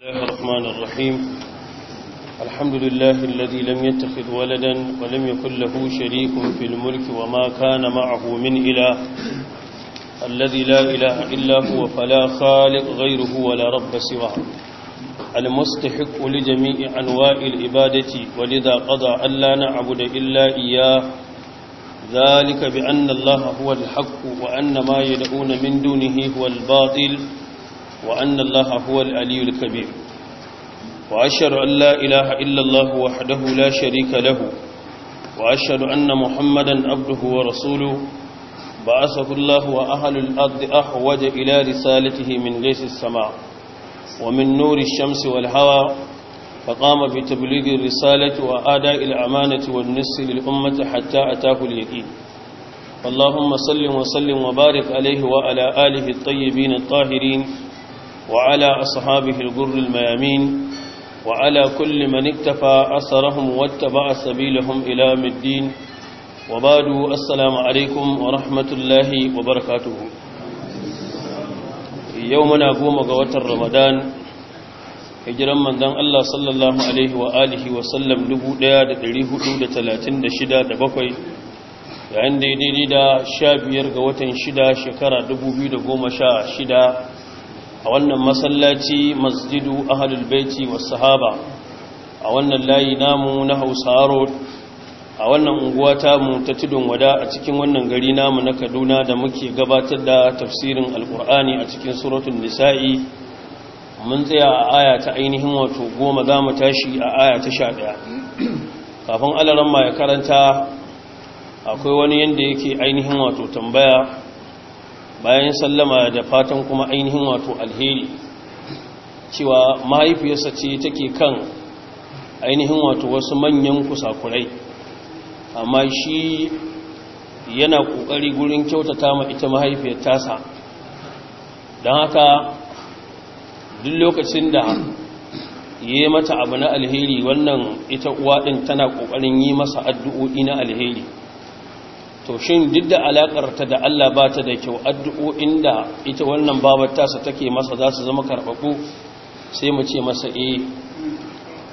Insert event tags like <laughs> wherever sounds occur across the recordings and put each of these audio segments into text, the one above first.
الله الرحمن الرحيم الحمد لله الذي لم يتخذ ولدا ولم يكن له شريك في الملك وما كان معه من إله الذي لا إله إلا هو فلا خالق غيره ولا رب سواه المستحق لجميع أنواع العبادة ولذا قضى أن لا نعبد إلا إياه ذلك بأن الله هو الحق وأن ما يدعون من دونه هو الباطل وأن الله هو العلي الكبير وأشهد أن لا إله إلا الله وحده لا شريك له وأشهد أن محمدا عبده ورسوله بعثه الله وأهل الأرض أحوج إلى رسالته من ليس السماء ومن نور الشمس والهوى فقام بتبليغ الرسالة وآداء الأمانة والنصر للأمة حتى أتاه اليقين اللهم صل وسلم وبارك عليه وعلى آله الطيبين الطاهرين وعلى أصحابه الغر الميامين وعلى كل من اكتفى أثرهم واتبع سبيلهم إلى مدين وبعد السلام عليكم ورحمة الله وبركاته يومنا قوم قوات رمضان hijiran manzon Allah sallallahu alaihi wa alihi wa sallam 1436 da bakwai yayin da daidai da 15 ga watan 6 shekara 2016 a wannan masallaci masjidu ahalul baiti wa sahaba a wannan layi namu na Hausa road a wannan unguwa mu ta tudun wada a cikin wannan gari namu na Kaduna da muke gabatar da tafsirin alkur'ani a cikin suratun nisa'i mun tsaya a aya ta ainihin wato goma za mu tashi a aya ta sha ɗaya kafin alaran ma ya karanta akwai wani yadda yake ainihin wato tambaya bayan sallama da fatan kuma ainihin wato alheri cewa mahaifiyarsa ce take kan ainihin wato wasu manyan kusakurai amma shi yana ƙoƙari gurin kyautata ma ita mahaifiyar tasa don haka duk lokacin da yi mata abu na alheri wannan ita uwa ɗin tana ƙoƙarin yi masa addu'o'i na alheri to shin duk da alakar da Allah ba ta da kyau addu'o'in da ita wannan babar tasa take masa za su zama karɓaɓɓu sai mu ce masa eh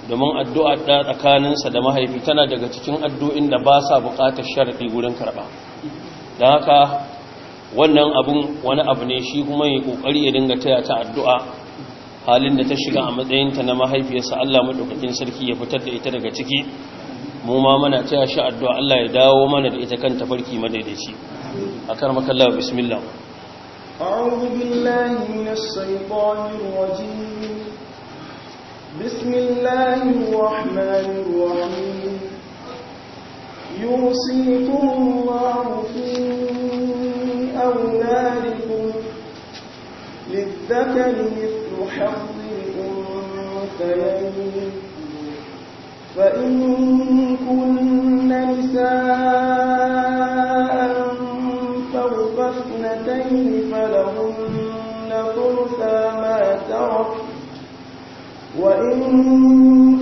domin addu'a ɗa tsakaninsa da mahaifi tana daga cikin addu'in da ba sa buƙatar sharaɗi wurin karɓa Da haka wannan abun wani abu ne shi kuma yi ƙoƙari ya dinga taya ta addu'a halin da ta shiga a matsayinta na mahaifiyarsa Allah maɗaukakin sarki ya fitar da ita daga ciki mu ma muna taya shi addu'a Allah ya dawo mana da ita kan tafarki madaidaici akan makalla bismillah أعوذ بالله من الشيطان الرجيم بسم الله الرحمن الرحيم يوصيكم الله في أولادكم للذكر مثل حظ الأنثيين فإن كن نساء فوق اثنتين فلهن ثلثا ما ترك وإن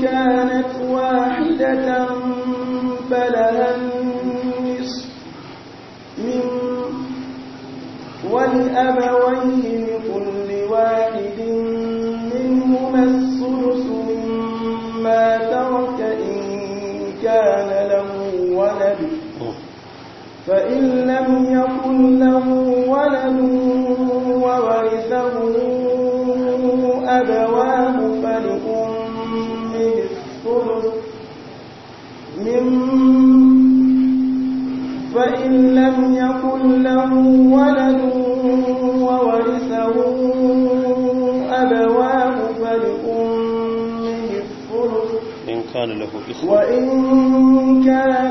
كانت واحدة فلها النصف من والأبوين له ولد وورثه أبواه فلأمه الثلث من فإن لم يكن له ولد وورثه أبواه فلأمه الثلث إن كان له إخوة وإن كان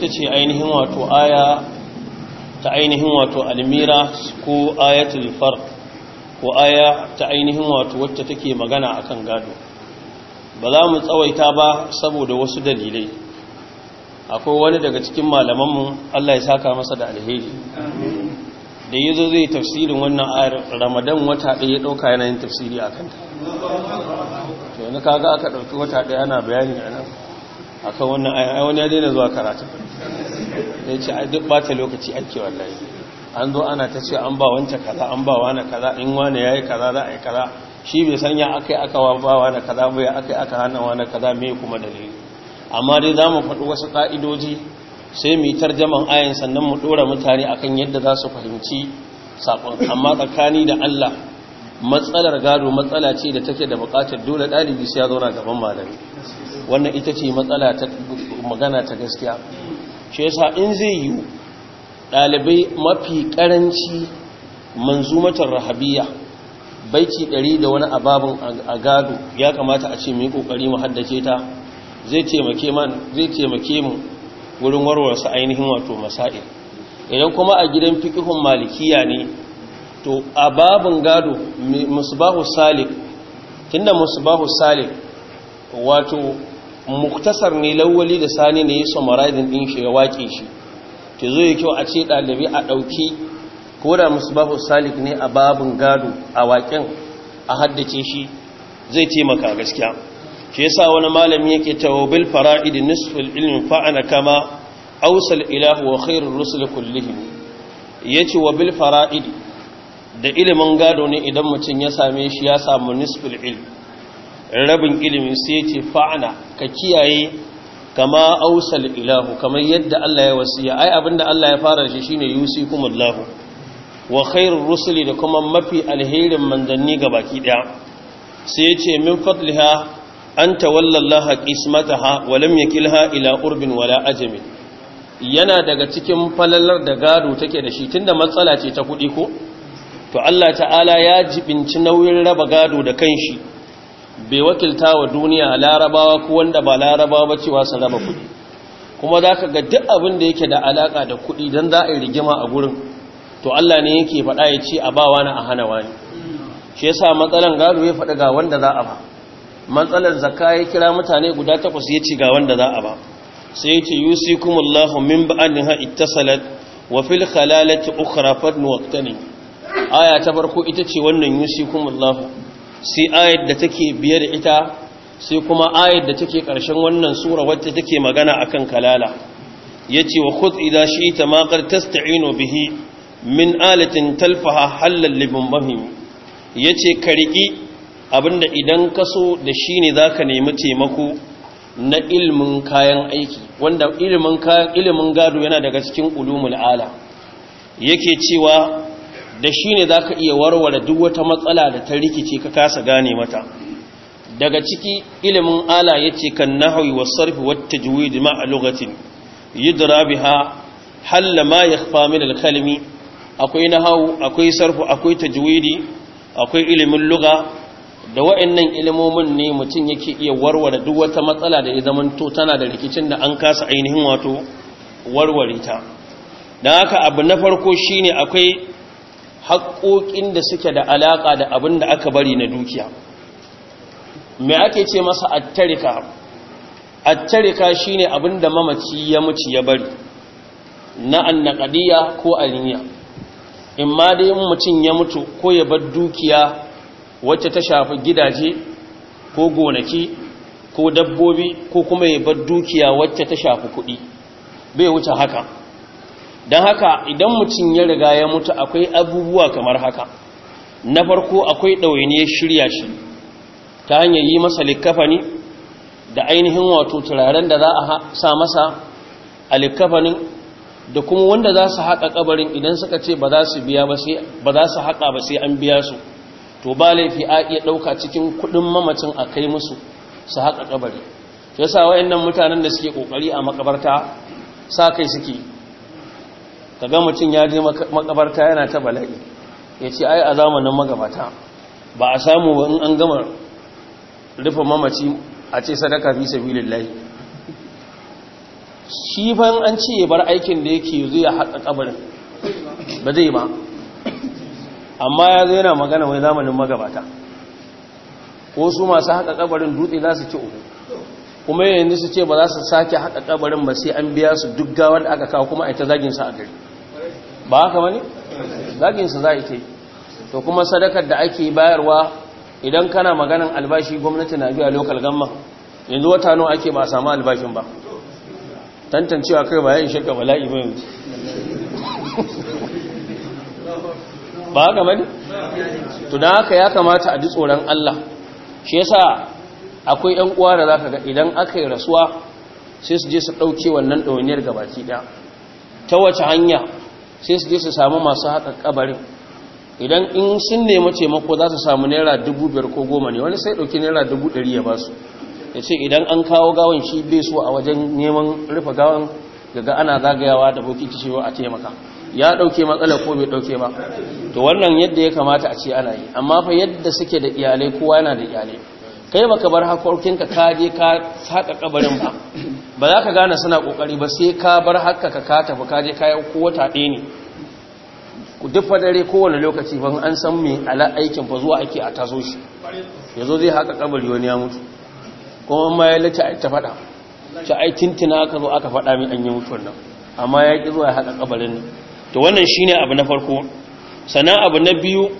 ita ce ainihin wato aya ta ainihin wato almira ko ayatul far ko aya ta ainihin wato wacce take magana akan gado ba za mu tsawaita ba saboda wasu dalilai akwai wani daga cikin malamanmu Allah ya saka masa da alheri da yanzu zai tafsirin wannan ayar ramadan wata ɗaya ɗauka yanayin tafsiri a kanta to yana kaga aka ɗauki wata ɗaya ana bayani a nan akan wannan ayar wani ya daina zuwa karatu ya ce a duk bata lokaci ake wallahi an zo ana ta ce an ba wance kaza an ba wane kaza in wane ya yi kaza za a yi kaza shi bai sanya aka yi aka ba wane kaza bai aka yi aka hana wane kaza mai kuma dalili amma dai za mu faɗi wasu ƙa'idoji sai mu yi tarjaman ayin sannan mu ɗora mutane akan yadda za su fahimci saƙon amma tsakani da allah matsalar gado matsala ce da take da buƙatar dole ɗalibi sai ya na gaban malami wannan ita ce matsala ta magana ta gaskiya shi yasa in zai yi ɗalibai mafi ƙaranci manzumatar rahabiya baiti ɗari da wani a gado ya kamata a ce mai ƙoƙari mu haddace ta zai taimake mu wurin warwarsa ainihin wato masa'il idan kuma a gidan fikihun malikiya ne to ababun gado musbahu salik tunda musbahu salik wato muktasar ne lawali da sani ne ya summarizing din shi ya wake shi ke zo ya kyau a ce ɗalibi a ɗauki ko da musbahu salik ne a babin gado a waƙen a haddace shi zai taimaka gaskiya Ke yasa wani malami yake tawabil fara'id nisful ilmin fa'ana kama awsal ilahu wa khairur rusul kullihim yace wa bil fara'id da ilimin gado ne idan mutum ya same shi ya samu nisful ilmi rabin ilimin sai ce fa'ana ka kiyaye kama ausal ilahu kamar yadda Allah ya wasiya ai abinda Allah ya fara shi shine yusikumullahu wa khairur rusuli da kuma mafi alherin manzanni ga baki ɗaya. sai ya ce min fadliha an tawallallaha qismataha wa lam yakilha ila urbin wala ajami yana daga cikin falalar da gado take da shi tunda matsala ce ta kuɗi ko to Allah ta'ala ya jibinci nauyin raba gado da kanshi bai wakilta wa duniya larabawa ko wanda ba larabawa ba cewa su raba kuɗi kuma za ka ga duk abin da yake da alaka da kuɗi don za a yi rigima a gurin to Allah ne yake faɗa ya ce a ba wani a hana wani shi yasa matsalan gado ya faɗi ga wanda za a ba matsalar Zaka ya kira mutane guda takwas ya ce ga wanda za a ba sai ya ce yusikumullahu min ta ittasalat wa fil khalalati ukhra fadnu waqtani aya ta farko ita ce wannan yusikumullahu sai ayar da take biye da ita sai kuma ayar da take ƙarshen wannan sura wacce take magana akan kalala yace wa khudh idha shi'ta ma qad tasta'inu bihi min alatin talfaha halal libumbahim yace ka riki abinda idan ka so da shine zaka nemi taimako na ilmin kayan aiki wanda ilimin kayan ilimin gado yana daga cikin ulumul ala yake cewa da shi ne za ka iya warware duk wata matsala da ta rikice ka kasa gane mata daga ciki ilimin ala ya ce kan nahawi wa sarfi wata juwidi da a lokacin yidra ha halla ma ya da kalmi akwai nahawu akwai sarfu akwai tajwidi akwai ilimin luga da wa'annan ilimomin ne mutum yake iya warware duk wata matsala da ya to tana da rikicin da an kasa ainihin wato warware ta don haka abu na farko shine akwai haƙoƙin da suke da alaƙa da abin da aka bari na dukiya Me ake ce masa attarika attarika shi ne abin da mamaci ya muci ya bari na annaqadiya ko aliniya in ma dai mutum ya mutu ko ya bar dukiya wacce ta shafi gidaje ko gonaki ko dabbobi ko kuma ya bar dukiya wacce ta shafi kuɗi bai wuce haka don haka idan mutum ya riga ya mutu akwai abubuwa kamar haka na farko akwai ɗawainiyar shirya shi ta hanyar yi masa likafani da ainihin wato turaren da za a sa masa a likafanin da kuma wanda za su haƙa ƙabarin idan suka ce ba za su haƙa ba sai an biya su to ba laifi a iya ɗauka cikin kuɗin mamacin a kai musu su haƙa ƙabari yasa wayannan mutanen da suke ƙoƙari a makabarta sa kai suke ga mutum ya je makabarta yana ta bala'i ya ce ai a zamanin magabata ba a samu ba in an gama rufe mamaci a ce sadaka fi sabilillahi shi ban an ce ya bar aikin da yake zai ya haƙa ƙabarin ba zai ba amma ya zai yana magana wai zamanin magabata ko su masu haƙa ƙabarin dutse za su ci uku kuma yanzu su ce ba za su sake haƙa ƙabarin ba sai an biya su duk gawar da aka kawo kuma a ita zagin sa a gari ba haka bane zaginsu za a ke to kuma sadakar da ake bayarwa idan kana maganan albashi gwamnati na biya lokal gamma yanzu wata nawa ake ba samu albashin ba tantancewa kai ba ya ishe ka bala'i ba <laughs> ba haka bane to haka ya kamata a ji tsoron Allah shi yasa akwai 'yan uwa da za ka ga idan aka yi rasuwa sai su je su ɗauke wannan ɗauniyar gabaki ɗaya. ta wace hanya sai su je su samu masu haka kabarin idan in sun nemi taimako za su samu naira dubu biyar ko goma ne wani sai dauki naira dubu ɗari ya ba su ya ce idan an kawo gawan shi bai so a wajen neman rufe gawan daga ana zagayawa da boki kishewa a taimaka ya ɗauke matsala ko bai ɗauke ba to wannan yadda ya kamata a ce ana yi amma fa yadda suke da iyalai kowa yana da iyalai kai baka bar hakokinka ka je ka saka kabarin ba ba za ka gane suna ƙoƙari ba sai ka bar haka ka ka tafi ka je kayan ko wata ɗaya ne ku duk fadare kowane lokaci ban an san mai ala aikin ba zuwa ake a taso shi ya zo zai haka kabari wani ya mutu kuma ma ya lita ta faɗa ta ai tintina aka zo aka faɗa min an yi mutuwar nan amma ya ƙi zuwa haka kabarin nan to wannan shine abu na farko sannan abu na biyu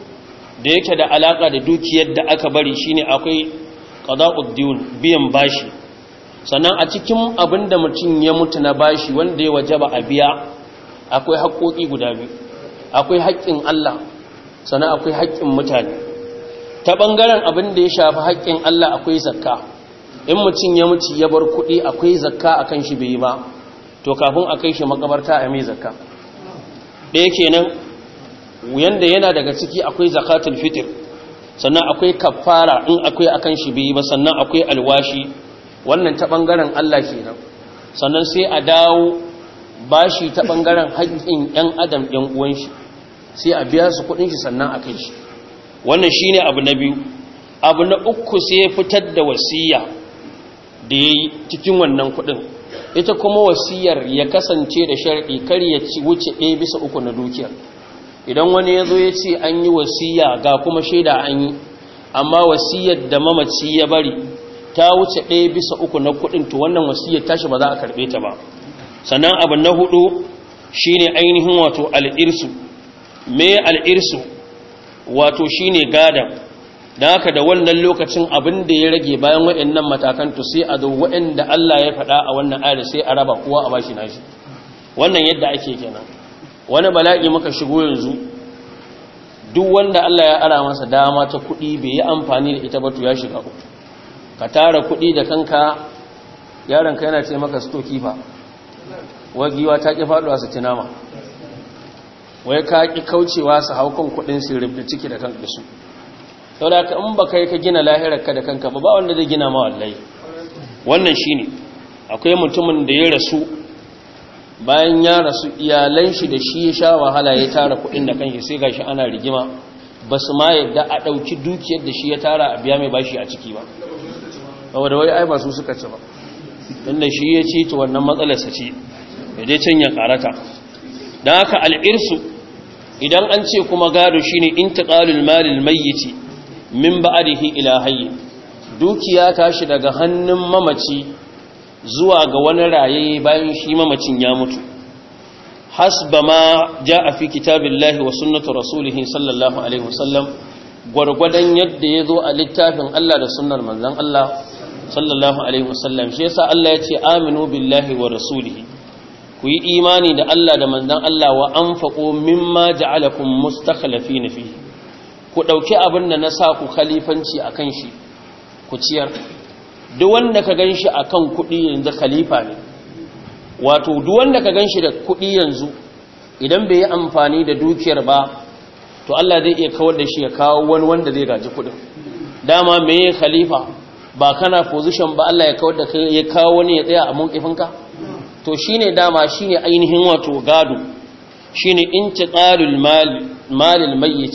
da yake da alaƙa da dukiyar da aka bari shine akwai qada'ud diyun biyan bashi sannan a cikin abin da mutum ya mutu na bashi wanda ya ba a biya akwai haƙoƙi guda biyu akwai haƙƙin Allah sannan akwai haƙƙin mutane ta ɓangaren abin da ya shafi haƙƙin Allah akwai zakka in mutum ya mutu ya bar kuɗi akwai zakka a kan shi bai yi ba to kafin a kai shi makabarta a mai zakka ɗaya kenan yanda yana daga ciki akwai zakatun fitr sannan akwai kafara in akwai akan shi bai ba sannan akwai alwashi wannan ta bangaren Allah kenan sannan sai a dawo bashi ta bangaren haƙƙin yan adam ɗan uwan sai a biya su kuɗin shi sannan a kai shi wannan shine abu na biyu abu na uku sai fitar da wasiya da yayi cikin wannan kuɗin ita kuma wasiyar ya kasance da sharɗi kar ya ci wuce ɗaya bisa uku na dukiyar idan wani ya zo ya ce an yi wasiya ga kuma shaida an yi amma wasiyar da mamaci ya bari ta wuce ɗaya bisa uku na kuɗin to wannan wasiyar tashi ba za a karɓe ta ba sannan abu na hudu shine ainihin wato al'irsu me al'irsu wato shine gadan da haka da wannan lokacin abin da ya rage bayan waɗannan matakan to sai a zo waɗanda Allah ya faɗa a wannan ayar sai a raba kowa a bashi nashi wannan yadda ake kenan wani bala'i muka shigo yanzu duk wanda Allah ya ara masa dama ta kuɗi bai yi amfani da ita ba to ya shiga uku ka tara kuɗi da kanka ka yana ce maka sto kifa wagiwa ta ƙi faɗuwa su tinama wai ka ƙi kaucewa su haukan kuɗin su rubda ciki da kanka su sau in ba kai ka gina lahirarka da kanka ba ba wanda zai gina ma wallahi wannan shine akwai mutumin da ya rasu bayan ya rasu iyalan shi da shi ya sha wahala ya tara kuɗin da kanshi sai gashi ana rigima ba su ma yadda a ɗauki dukiyar da shi ya tara a biya mai bashi a ciki ba saboda wai ai ba su suka ci ba inda shi ya ci ta wannan matsalarsa ce ya je can ya karata dan haka al'irsu idan an ce kuma gado shine intiqalul malil mayyiti min ba'dihi ila hayy dukiya tashi daga hannun mamaci zuwa ga wani raye bayan shi mamacin ya mutu hasba ma ja a fi kitabillahi wa sunnatu rasulih sallallahu alaihi wasallam gwargwadon yadda ya zo a littafin Allah da sunnar manzon Allah sallallahu alaihi wasallam shi yasa Allah ya ce aminu billahi wa rasulih ku yi imani da Allah da manzon Allah wa anfaqu mimma ja'alakum mustakhlifina fi. ku ɗauki abin da na sa ku khalifanci kan shi ku ciyar duk wanda ka ganshi akan kuɗi yanzu khalifa ne wato duk wanda ka ganshi da kuɗi yanzu idan bai yi amfani da dukiyar ba to Allah zai iya kawar da shi ya kawo wani wanda zai gaji kuɗin dama yi khalifa ba kana position ba Allah ya kawar da kai ya kawo wani ya tsaya a munkifinka to shine dama shine ainihin wato gado shine intiqalul mal malil mayyit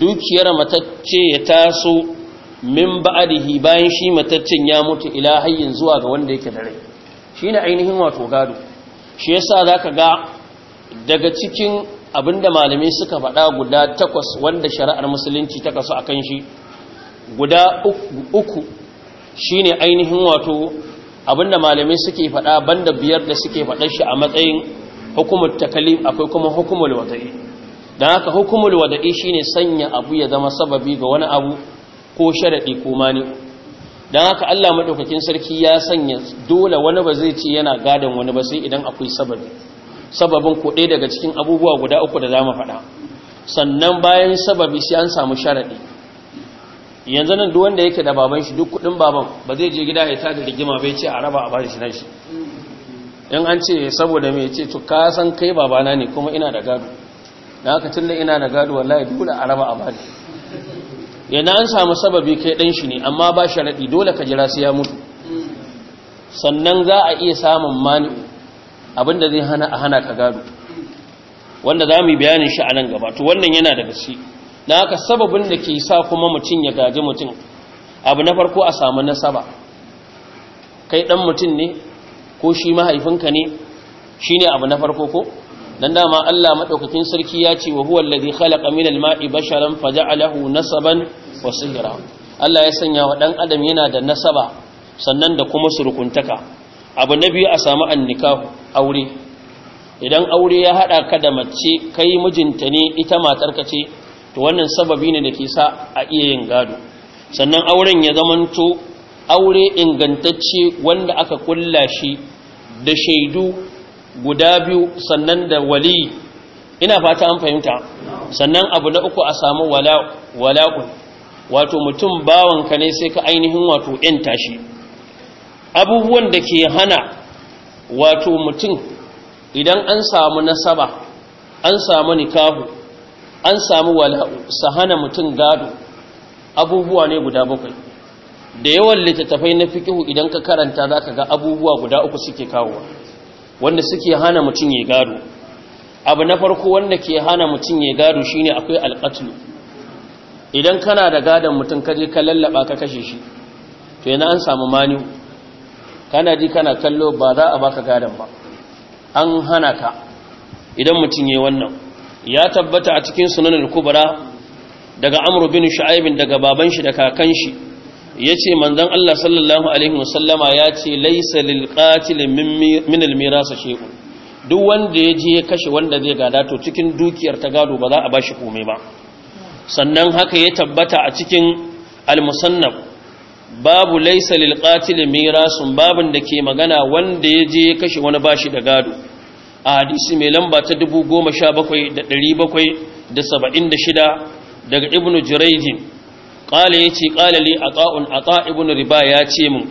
dukiyar matacce ya taso min ba'adihi bayan shi mataccen ya mutu ila hayyin zuwa ga wanda yake da rai shine ainihin wato gado shi yasa zaka ga daga cikin abinda malamai suka faɗa guda takwas wanda shari'ar musulunci ta kasu akan shi guda uku shine ainihin wato abinda malamai suke faɗa banda biyar da suke faɗa shi a matsayin hukumul takalim akwai kuma hukumul wada'i dan haka hukumul wada'i shine sanya abu ya zama sababi ga wani abu ko sharaɗi ko mani don haka allah maɗaukakin sarki ya sanya dole wani ba zai ce yana gadon wani ba sai idan akwai sababi sababin ko ɗaya daga cikin abubuwa guda uku da za mu faɗa sannan bayan sababi sai an samu sharaɗi yanzu nan duk wanda yake da baban shi duk kuɗin baban ba zai je gida ya da rigima bai ce a raba a bada shi nan shi in an ce saboda mai ce to ka san kai babana ne kuma ina da gado don haka tun da ina da gado wallahi dole a raba a yana an samu sababi kai ɗan shi ne amma ba sharaɗi dole ka jira sai ya mutu sannan za a iya samun mani abinda zai hana a hana ka gado wanda za mu yi bayanin shi a nan gaba to wannan yana da gaske na haka sababin da ke sa kuma mutum ya gaji mutum abu na farko a samu nasaba kai ɗan mutum ne ko shi mahaifinka ne shine abu na farko ko dan dama Allah madaukakin sarki ya ce wa huwa allazi khalaqa min al-ma'i basharan faja'alahu nasaban wasu gira Allah ya sanya wa ɗan adam yana da nasaba sannan da kuma surukuntaka abu na biyu a samu annika aure idan aure ya haɗa ka da mace kai mijinta ne ita matarka ce to wannan sababi ne da ke sa a iya yin gado sannan auren ya zamanto aure ingantacce wanda aka kulla shi da shaidu guda biyu sannan da wali ina fata an fahimta sannan abu na uku a samu wala'un wato mutum bawanka ne sai ka ainihin wato ‘yan tashi abubuwan da ke hana wato mutum idan an samu nasaba an samu nikahu an samu wala'u sa hana mutum gado abubuwa ne guda bakwai da yawan littattafai na fikihu idan ka karanta za ka ga abubuwa guda uku suke kawo wanda suke hana mutum ya gado abu na farko wanda ke hana mutum ya gado shine akwai alƙatulu idan kana da gadon mutum kaje ka lallaba ka kashe shi to yana an samu mani kana ji kana kallo ba za a baka gadon ba an hana ka idan mutum yayi wannan ya tabbata a cikin sunan al-kubra daga amru bin shu'aib daga baban shi da kakan shi yace manzon Allah sallallahu alaihi wasallama yace laysa lil qatil min al-miras shay'un duk wanda ya je ya kashe wanda zai gada to cikin dukiyar ta gado ba za a bashi komai ba sannan haka ya tabbata a cikin al-musannaf babu laysa lil qatil mirasun babin da ke magana wanda ya je ya kashe wani bashi da gado a hadisi mai lamba ta shida daga ibnu jurayj qala yace qala li aqa'un aqa ibnu riba ya ce mu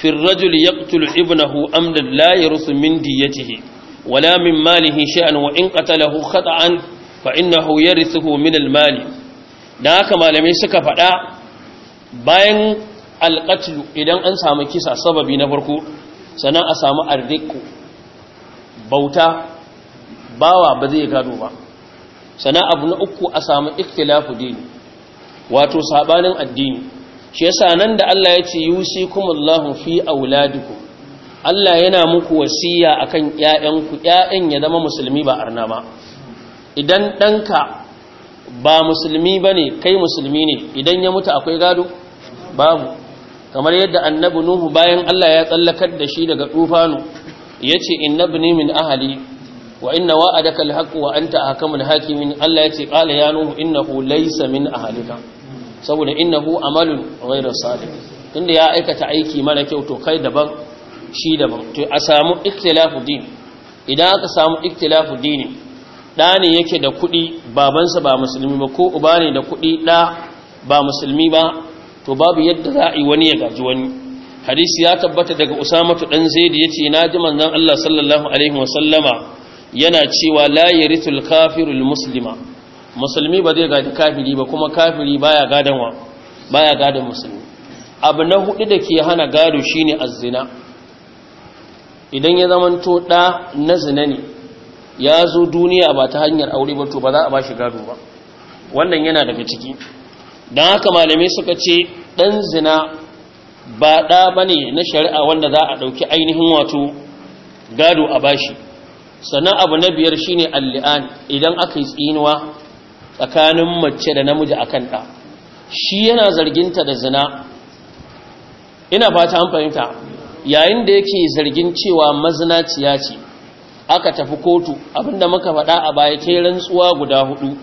firrajul rajul yaqtulu ibnahu amda la yarusu min diyatihi wala min malihi shay'an wa in qatalahu khata'an fa innahu yarithuhu min al-mali da haka malamai suka faɗa bayan alƙatulu idan an samu kisa sababi na farko sannan a samu arziku bauta bawa ba zai gado ba sannan abu na uku a samu ikhtilafu dini wato sabanin addini shi yasa nan da Allah ya ce yusikumullahu fi auladikum Allah yana muku wasiya akan ƴaƴanku ƴaƴan ya zama musulmi ba arna ba idan danka. ba musulmi ba ne kai musulmi ne idan ya mutu akwai gado babu kamar yadda annabi nuhu bayan allah ya tsallakar da shi daga tufanu ya ce innabi ne min ahali wa inna wa'adaka haƙu wa anta ahkamul hakimin allah ya ce ƙala ya nuhu hu laisa min ahalika saboda innahu amalun ghayra Sadi. tunda ya aikata aiki mara kyau to kai daban shi daban to a samu ikhtilafu din idan aka samu ikhtilafu dini ɗa ne yake da kuɗi babansa ba musulmi ba ko uba ne da kuɗi ɗa ba musulmi ba to babu yadda za a yi wani ya gaji wani hadisi ya tabbata daga Usama usamatu ɗan zaidi ya ce na ji manzan allah sallallahu alaihi wasallama yana cewa la yarithul kafirul muslima musulmi ba zai gaji kafiri ba kuma kafiri baya gadan wa baya gadan musulmi abu na hudu da ke hana gado shine zina. idan ya zamanto ɗa na zina ne ya zo duniya ba ta hanyar aure ba to ba za a ba shi gado ba wannan yana daga ciki don haka malamai suka ce ɗan zina ba ɗa ba ne na shari'a wanda za a ɗauki ainihin wato gado a ba shi. sannan abu na biyar shi ne alli'an idan aka yi tsinuwa tsakanin mace da namiji a kan ɗa shi yana zarginta da zina ina fata amfani ta. yayin da yake zargin cewa mazinaciya ce aka tafi kotu abinda muka faɗa a baya ta rantsuwa guda hudu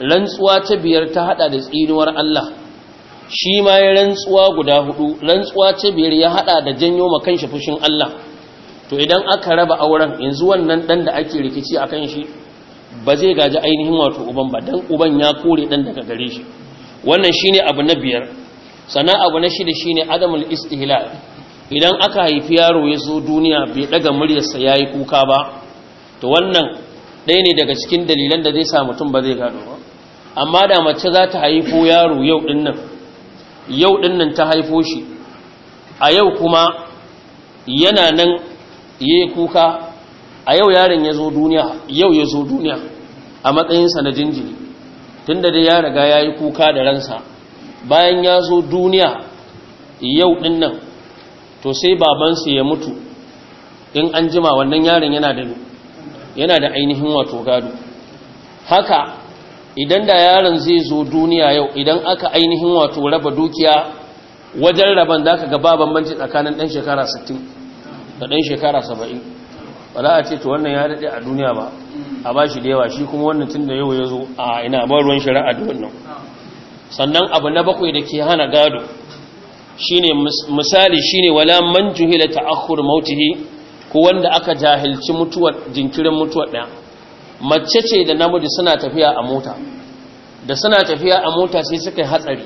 rantsuwa ta biyar ta hada da tsinuwar Allah shi ma ya rantsuwa guda hudu rantsuwa ta biyar ya hada da janyo makan shi fushin Allah to idan aka raba auren yanzu wannan dan da ake rikici akan shi ba zai gaji ainihin wato uban ba dan uban ya kore dan daga gare shi wannan shine abu na biyar sana abu na shida shine adamul istihlal idan aka haifi yaro ya zo duniya bai daga muryarsa ya yi kuka ba to wannan ɗaya ne daga cikin dalilan da zai sa mutum ba zai gado ba amma da mace za ta haifo yaro yau nan, yau dinnan ta haifo shi a yau kuma yana nan ya yi kuka a yau yaron ya zo duniya yau ya zo duniya a matsayinsa na jinjiri tun da dai ya riga ya yi kuka da ransa bayan ya zo duniya yau ɗinnan to sai babansu ya mutu in an jima wannan yaron yana da yana da ainihin wato gado haka idan da yaron zai zo duniya yau idan aka ainihin wato raba dukiya wajen raban da aka ga baban bambanci tsakanin ɗan shekara 60 da ɗan shekara 70 ba za a ce to wannan ya dade a duniya ba a ba shi da yawa shi kuma wannan tun da yau ya zo a ina ba ruwan shari'a da wannan sannan abu na bakwai da ke hana gado shine misali shine wala man juhila ta'akhkhur mautihi ko wanda aka jahilci mutuwar jinkirin mutuwar ɗaya mace ce da namiji suna tafiya a mota da suna tafiya a mota sai suka yi hatsari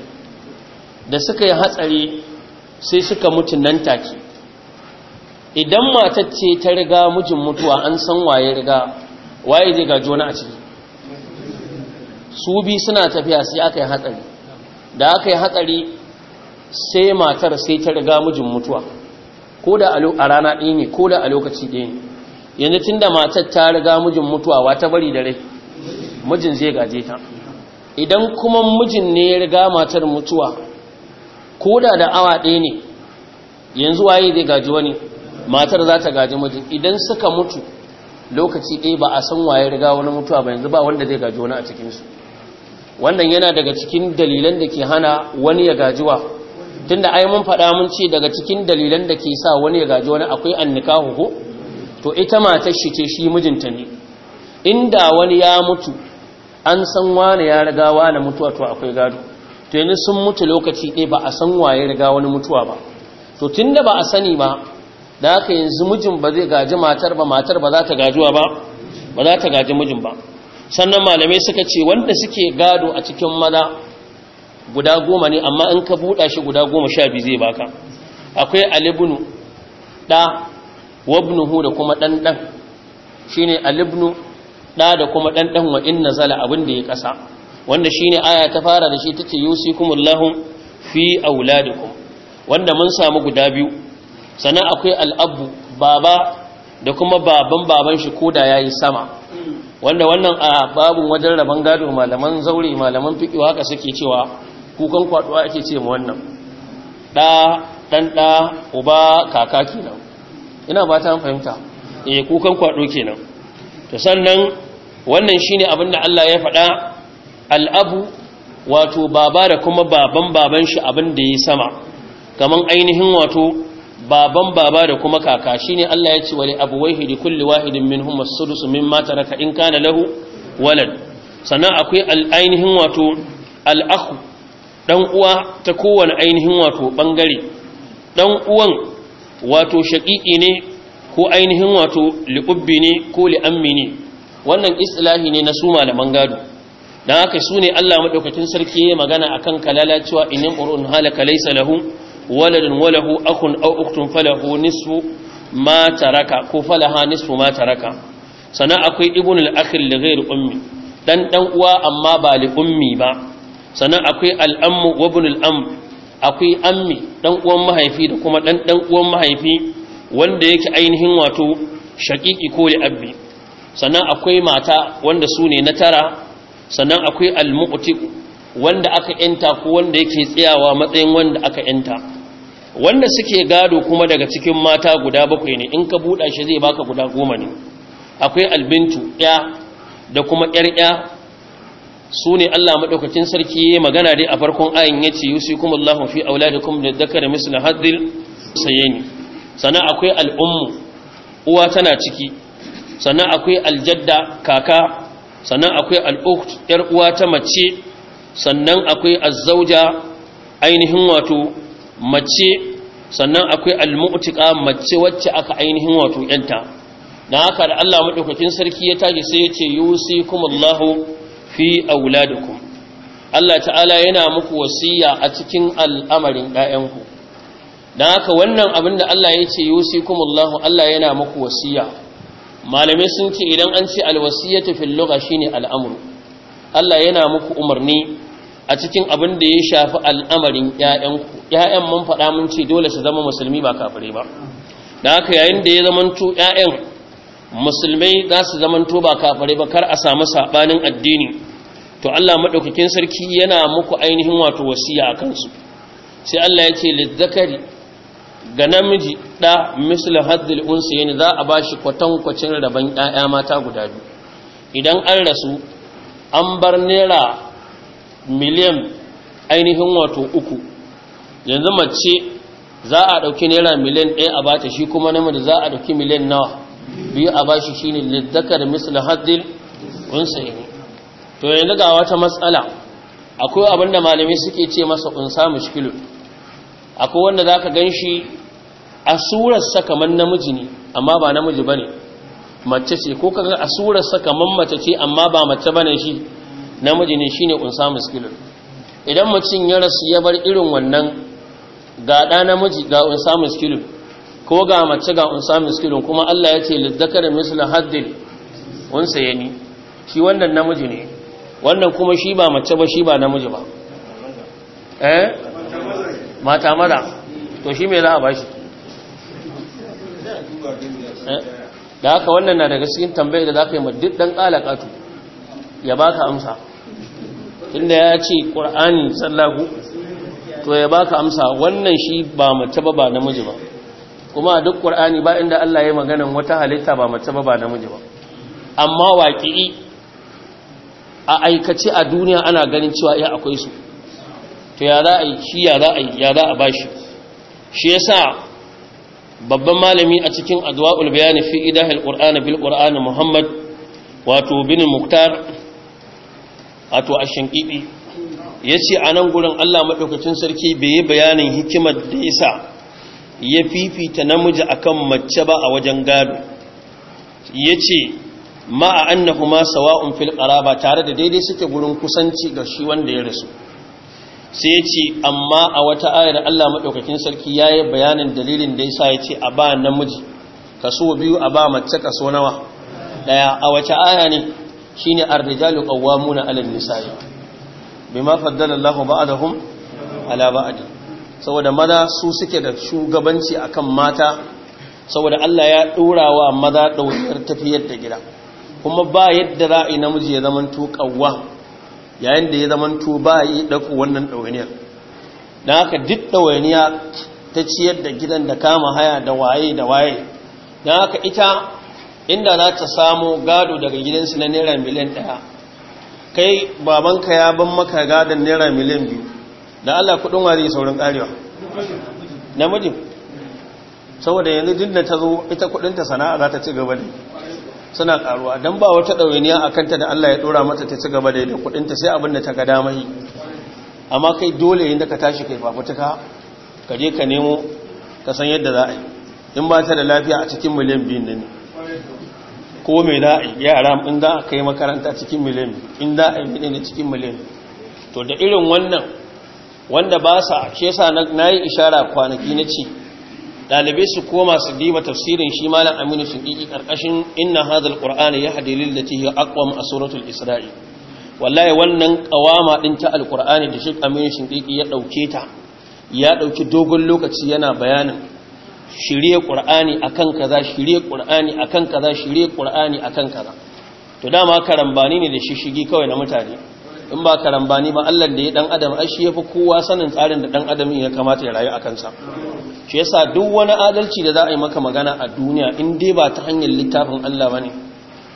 da suka yi hatsari sai suka mutu nan take idan matar ce ta riga mijin mutuwa an san waye riga waye zai gajo na a ciki su bi suna tafiya sai aka yi hatsari da aka yi hatsari sai matar sai ta riga mijin mutuwa ko da a rana ɗaya ne ko da a lokaci ɗaya ne yanzu tun da matar ta riga mijin mutuwa wata bari da rai mijin zai gaje ta idan kuma mijin ne ya riga matar mutuwa ko da da awa ɗaya ne yanzu waye zai gaji wani matar za ta gaji mijin idan suka mutu lokaci ɗaya ba a san waye riga wani mutuwa ba yanzu ba wanda zai gaji wani a cikinsu wannan yana daga cikin dalilan da ke hana wani ya gajiwa tunda ai mun faɗa mun ce daga cikin dalilan da ke sa wani ya gaji wani akwai annikahu ko to ita matar shi ce shi mijinta ne inda wani ya mutu an san wani ya riga wani mutuwa to akwai gado to yanzu sun mutu lokaci ɗaya ba a san waye riga wani mutuwa ba to tunda ba a sani ba da haka yanzu mijin ba zai gaji matar ba matar ba za ta gajuwa ba ba za ta gaji mijin ba sannan malamai suka ce wanda suke gado a cikin maza guda goma ne amma in ka buɗa shi guda goma sha biyu zai baka akwai alibnu ɗa wabnuhu da kuma ɗanɗan shi ne alibnu ɗa da kuma ɗanɗan wa in nazala abin da ya ƙasa wanda shi ne aya ta fara da shi ta ce yusi kumullahu fi auladikum wanda mun samu guda biyu sannan akwai al'abu baba da kuma baban baban shi koda ya yi sama wanda wannan a babu wajen rabon gado malaman zaure malaman fiƙi haka suke cewa kukan kwaduwa ake ce mu wannan ɗa ɗan ɗa uba kaka kenan ina ba ta fahimta eh kukan kwado kenan to sannan wannan shine abin da Allah ya faɗa al'abu wato baba da kuma baban baban shi abin da ya sama kaman ainihin wato baban baba da kuma kaka shine Allah ya ce wali abuwaihi li kulli wahidin minhum as-sudus mimma taraka in kana lahu walad sannan akwai ainihin wato al dan uwa ta kowane ainihin wato bangare dan uwan wato shaqiqi ne ko ainihin wato liqubbi ne ko li'ammi ne wannan islahi ne na su malaman gado dan haka su ne Allah madaukakin sarki ya magana akan kalala cewa inna qur'un halaka laysa lahu waladun walahu akhun aw ukhtun falahu nisfu ma taraka ko falaha nisfu ma taraka sana akwai ibnul akhil li ghairi ummi dan dan uwa amma ba li ummi ba sannan akwai al'ammu wabin bunul akwai ammi ɗanuwan uwan mahaifi da kuma ɗan uwan mahaifi wanda yake ainihin wato shaƙiƙi ko da abbi sannan akwai mata wanda su ne na tara sannan akwai almuqti wanda aka yanta ko wanda yake tsayawa matsayin wanda aka yanta wanda suke gado kuma daga cikin mata guda bakwai ne in ka buɗa shi zai baka guda goma ne akwai albintu ya da kuma ƴar ƴa. su ne Allah maɗaukacin sarki ya magana dai a farkon ayin ya ce Yusi kuma Allahu fi auladikum da da misali misla saye ne sannan akwai al'ummu uwa tana ciki sannan akwai aljadda kaka sannan akwai al'ukut yar uwa ta mace sannan akwai azzauja ainihin wato mace sannan akwai almu'tika mace wacce aka ainihin wato yanta na haka da Allah maɗaukacin sarki ya tashi sai ya ce kuma Allahu fi auladukum Allah ta'ala yana muku wasiya a cikin al'amarin ɗayanku don haka wannan abin da Allah ya ce kumullahu Allah yana muku wasiya malamai sun ce idan an ce alwasiyatu fil lugha shine al'amru Allah yana muku umarni a cikin abin da ya shafi al'amarin ƴaƴanku ƴaƴan mun faɗa mun ce dole su zama musulmi ba kafire ba don haka yayin da ya zamanto ƴaƴan musulmai za su zamanto ba kafare ba kar a samu sabanin addini to Allah madaukakin sarki yana muku ainihin wato wasiya akan su sai Allah ya ce lizzakari ga namiji da hadzil unsi yani za a bashi kwacin raban ƴaƴa mata guda biyu idan an rasu an bar naira miliyan ainihin wato uku yanzu mace za a ɗauki naira miliyan ɗaya a bata shi kuma namiji za a ɗauki miliyan nawa biyu a bashi ne lidzakar Misli haddil unsaini to yanzu ga wata matsala akwai abinda malamai suke ce masa unsa mushkilu akwai wanda za ka gan shi, a surarsa kamar namiji ne amma ba namiji ba ne, mace ce ko kaga a surarsa kamar mace ce amma ba mace ne shi namiji ne shi ne unsa mushkilu idan mutum ya rasu ya bar irin wannan ga ɗa namiji ga unsa mushkilu ko ga mace ga unsa miskilin kuma Allah ya ce lizzakar misl haddin unsa yani shi wannan namiji ne wannan kuma shi ba mace ba shi ba namiji ba eh mata mara to shi me za a bashi eh? da haka wannan na daga cikin tambayar da za ka yi ma duk ɗan ƙalaƙatu ya ba ka amsa inda ya ce ƙur'ani sallagu to ya ba ka amsa wannan shi ba mace ba ba namiji ba kuma duk qur'ani ba inda Allah ya magana, wata halitta ba mace ba ba namiji ba amma waqi'i a aikace a duniya ana ganin cewa eh akwai su to ya za a yi shi ya za a yi ya za a bashi shi yasa babban malami a cikin adwa'ul bayani fi idahil qur'ani bil qur'ani muhammad wato bin muktar wato ce a nan gurin Allah madaukakin sarki bai yi bayanin hikimar da yasa ya fifita namiji akan mace ba a wajen gado ya ce ma'a annahuma sawa'un fil qaraba tare da daidai suke gurin kusanci ga shi wanda ya rasu sai ya ce amma a wata ayar Allah madaukakin sarki yayi bayanin dalilin da yasa ya ce a ba namiji kaso biyu a ba mace kaso nawa Ɗaya a wata aya ne shine ar-rijalu qawwamuna 'ala an-nisaa bima faddala Allahu ba'dahum ala saboda maza su suke da shugabanci akan mata saboda Allah ya dora wa maza ɗaukar tafiyar da gida kuma ba yadda za a namiji ya zama ƙawa yayin da ya zama to ba yi ɗaku wannan ɗawainiyar don haka duk ɗawainiya ta ciyar da gidan da kama haya da waye da waye don haka ita inda za ta samu gado daga gidansu na naira miliyan ɗaya kai babanka ya ban maka gadon naira miliyan biyu da Allah kudin wa zai saurin karewa Namiji saboda yanzu duk da ta zo ita kudinta sana'a za ta ci gaba ne suna karuwa don ba wata ɗawainiya a kanta da Allah ya ɗora mata ta ci gaba da yadda kudinta sai abin da ta ga yi. amma kai dole yin da ka tashi kai fafutuka ka je ka nemo ka san yadda za a yi in ba ta da lafiya a cikin miliyan biyun ne ko mai za a yara in za a kai makaranta cikin miliyan in za a yi ne cikin miliyan to da irin wannan wanda ba sa ke sa na yi ishara kwanaki na ce ɗalibai su koma su diba tafsirin shi malam aminu sun ƙiƙi ƙarƙashin inna hazal ƙur'ani ya hadi lillati ya aqwam a suratul isra'i wallahi wannan ƙawama ɗin ta alƙur'ani da shi aminu sun ƙiƙi ya ɗauke ta ya ɗauki dogon lokaci yana bayanin shirye ƙur'ani akan kaza shirye ƙur'ani akan kaza shirye ƙur'ani akan kaza to dama karambani ne da shishigi kawai na mutane in ba karambani ba Allah da ya dan adam a shi fi kowa sanin tsarin da dan adam ya kamata ya rayu a kansa shi yasa duk wani adalci da za a yi maka magana a duniya in dai ba ta hanyar littafin Allah bane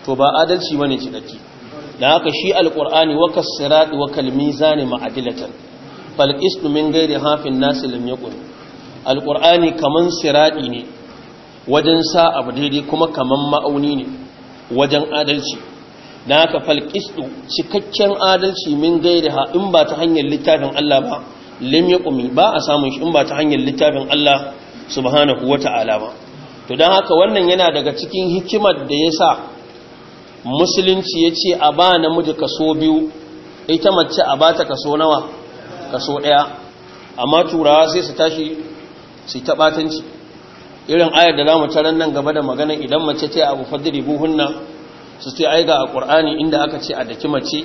to ba adalci bane cikakke dan haka shi alqur'ani wa kasirat wa kalmizani ma'adilatan fal qistu min ghairi hafin nas lam yakun alqur'ani kaman sirati ne wajen sa abu daidai kuma kaman ma'auni ne wajen adalci na haka falƙistu cikakken adalci min ha in ba ta hanyar littafin Allah ba lim ƙumi ba a samun shi in ba ta hanyar littafin Allah subhanahu wa ta'ala ba to don haka wannan yana daga cikin hikimar da ya sa musulunci ya ce a ba namiji kaso biyu ita mace a ba ta kaso nawa kaso ɗaya amma turawa sai su tashi su ta ɓatanci irin ayar da za mu taron nan gaba da magana idan mace ce abu fadri buhunna su ce ai ga alqur'ani inda aka ce a daki mace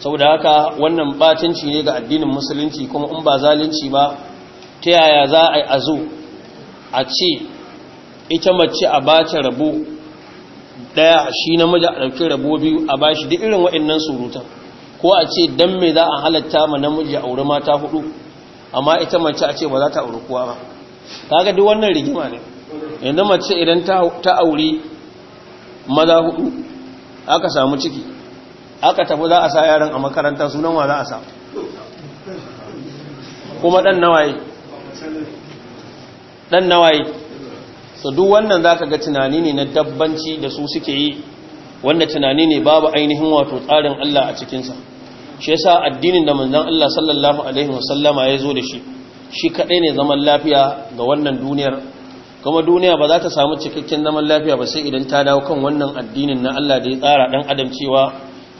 saboda haka wannan batanci ne ga addinin musulunci kuma in ba zalunci ba ta yaya za a yi a zo a ce ita mace a ba ta rabo daya shi namiji a ɗauki rabo biyu a bashi duk irin waɗannan surutan ko a ce dan me za a halatta ma namiji a wuri mata hudu amma ita mace a ce ba za ta auri kowa ba ga duk wannan rigima ne yanzu mace idan ta auri. maza hudu aka samu ciki aka tafi za a sa yaran a makaranta sunan wa za a sa kuma dan nawaye dan nawaye so duk wannan zaka ga tunani ne na dabbanci da su suke yi wanda tunani ne babu ainihin wato tsarin Allah a cikinsa shi yasa addinin da manzon Allah sallallahu alaihi wasallama ya zo da shi shi kadai ne zaman lafiya ga wannan duniyar kuma duniya ba za ta samu cikakken zaman lafiya ba sai idan ta dawo kan wannan addinin na Allah da ya tsara dan adam cewa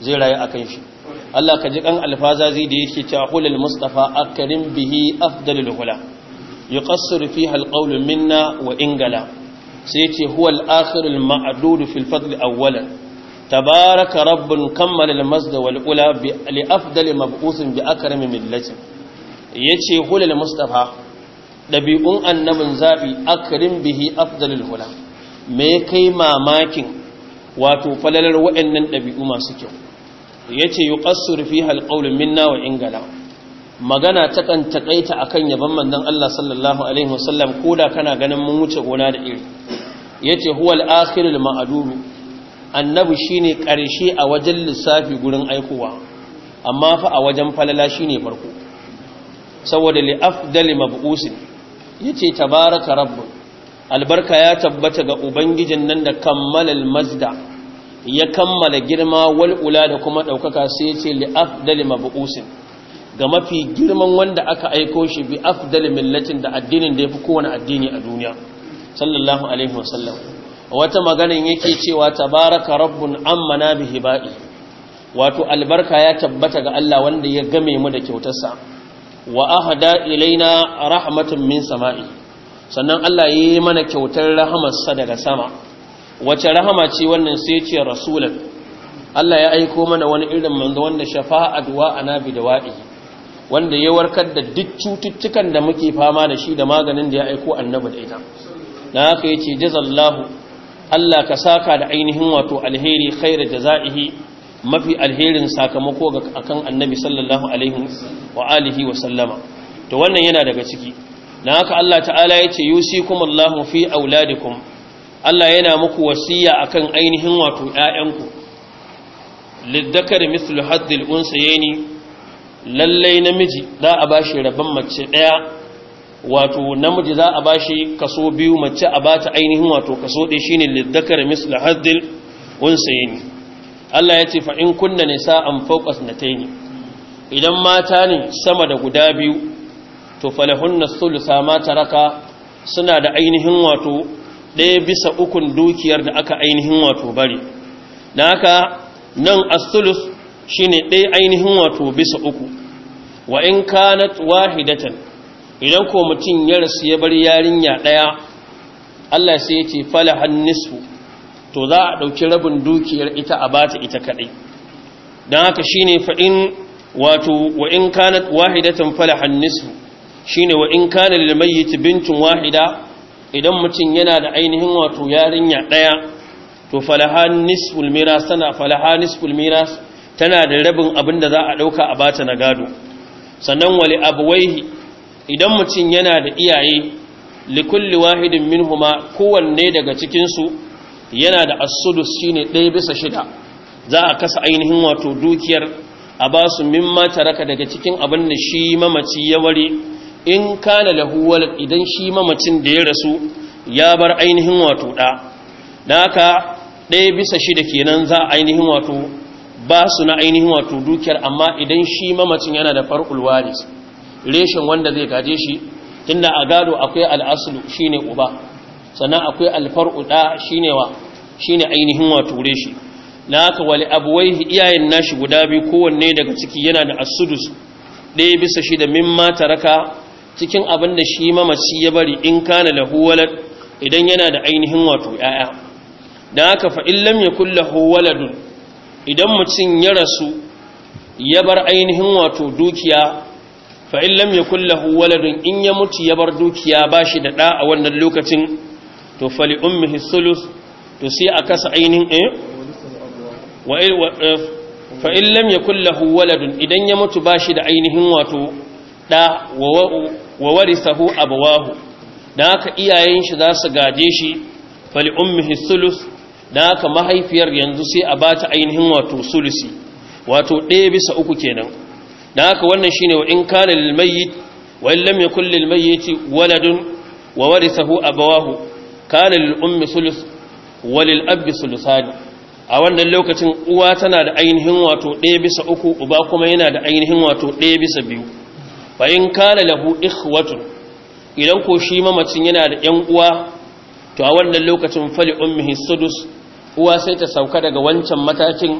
zai rayu akan shi Allah ka ji kan alfazazi da yake cewa hulul mustafa akrim bihi afdalul hula yuqassir fiha alqawl minna wa ingala sai yace huwa al madud fi fadl awwalan tabaraka rabbun kammala al-masd wal bi li afdali mab'usin bi akrami millati yace hulul Mustapha. ɗabi'un annabin zaɓi akarin bihi afdalil hula me kai mamakin wato falalar waɗannan ɗabi'u masu kyau ya ce yi ƙasur fi halƙaunin minna wa ingala magana ta kan taƙaita a kan yaban mandan Allah sallallahu Alaihi wasallam ko da kana ganin mun wuce gona da iri ya ce huwal akhirul ma'aduru annabi shi ne ƙarshe a wajen lissafi gurin aikowa amma fa a wajen falala shi ne farko saboda li afdali mabu'usin yace tabaraka rabbu albarka ya tabbata ga ubangijin nan da kammala mazda ya kammala girma wal'ula da kuma ɗaukaka sai yace li afdali mabusin ga mafi girman wanda aka aiko shi bi afdali millatin da addinin da yafi kowane addini a duniya sallallahu alaihi wasallam wata maganin yake cewa tabaraka rabbun amma na bihi ba'i wato albarka ya tabbata ga Allah wanda ya game mu da kyautarsa wa ahada ilaina rahmatun min sama'i sannan Allah yi mana kyautar rahamarsa daga sama wace rahama ce wannan sai ce rasulan Allah ya aiko mana wani irin manzo wanda shafa'a duwa anabi da wa'i wanda ya warkar da duk cututtukan da muke fama da shi da maganin da ya aiko annabi da ita na haka yace jazallahu Allah ka saka da ainihin wato alheri khairu jazaihi mafi alherin sakamako ga akan annabi sallallahu alaihi wa alihi wa sallama to wannan yana daga ciki dan haka Allah ta'ala yace yusikumullahu fi auladikum Allah yana muku wasiya akan ainihin wato ƴaƴanku liddakar mislu haddil unsayni lallai namiji za a bashi rabban mace daya wato namiji za a bashi kaso biyu mace a bata ainihin wato kaso ɗaya shine liddakar mislu haddil unsayni Allah ya ce fa'in kunna nisa an fauƙas na taini idan mata ne sama da guda biyu to falahun na sulusa mata raka suna da ainihin wato ɗaya bisa ukun dukiyar da aka ainihin wato bari da haka nan sulus shi ne ɗaya ainihin wato bisa uku wa in kanat wahidatan idan ko mutum ya rasu ya bar yarinya ɗaya Allah sai ya ce falahun nisfu to za a ɗauki rabin dukiyar ita a bata ita kaɗai don haka shi ne fa’in wato wa’in kanat wahidatan falahan shi ne wa da kanar bintun wahida idan mutum yana da ainihin wato yarinya ɗaya to falahan nisful miras tana tana da rabin abin da za a ɗauka a bata na gado sannan abu wai idan mutum yana da iyaye likulli wahidin minhuma kowanne daga cikinsu yana da asudus shine ɗaya bisa shida za a kasa ainihin wato dukiyar a ba su mimma taraka daga cikin abin da shi mamaci ya ware in kana lahu walad idan shi mamacin da ya rasu ya bar ainihin wato da dan haka 1 bisa shida kenan za a ainihin wato ba su na ainihin wato dukiyar amma idan shi mamacin yana da farkul waris reshen wanda zai gaje shi tunda a gado akwai al'asulu shine uba sannan akwai alfar'u da shine wa shine ainihin wato reshi na haka wali abuwai iyayen nashi guda biyu kowanne daga ciki yana da asudus ɗaya bisa shi da mimma raka cikin abin da shi mamaci ya bari in kana lahu huwalar idan yana da ainihin wato yaya da haka fa in lam ya lahu waladun idan mutum ya rasu ya bar ainihin wato dukiya fa in lam ya lahu waladun in ya mutu ya bar dukiya bashi da ɗa a wannan lokacin to fali ummihi sulus to sai a kasa ainin eh wa eh, fa in lam yakul lahu waladun idan ya mutu bashi da ainihin wato da wa warisahu abawahu dan haka iyayen shi za su gaje shi fali ummihi sulus dan haka mahaifiyar yanzu sai a ba ta ainihin wato sulusi wato 1 bisa uku kenan dan haka wannan shine wa in kana lil mayyit wa in lam yakul lil mayyit waladun wa warisahu abawahu kana lil ummi sulus wa abbi sulusani a wannan lokacin uwa tana da ainihin wato ɗaya bisa uku uba kuma yana da ainihin wato ɗaya bisa biyu bayan kana lahu ikhwatun idan ko shi mamacin yana da 'yan uwa to a wannan lokacin fali ummihi sulus uwa sai ta sauka daga wancan matakin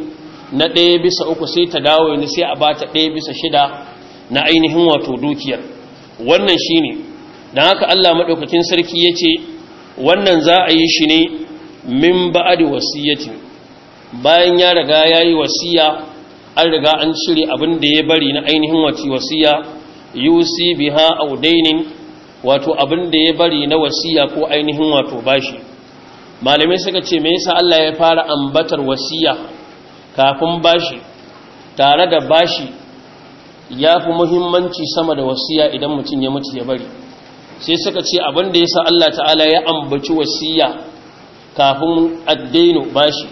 na ɗaya bisa uku sai ta dawo ni sai a bata ɗaya bisa shida na ainihin wato dukiyar wannan shine dan haka Allah madaukakin sarki ya ce. wannan za a yi shi ne min ba'adi wasiyyati bayan ya riga yayi wasiya an riga an cire abin da ya bari na ainihin wati wasiya yusi biha audainin wato abin da ya bari na wasiya ko ainihin wato bashi malamai suka ce me yasa Allah ya fara ambatar wasiya kafin bashi tare da bashi ya fi muhimmanci sama da wasiya idan mutum ya mutu ya bari sai suka ce abin da sa Allah ta'ala ya ambaci wasiya kafin addainu bashi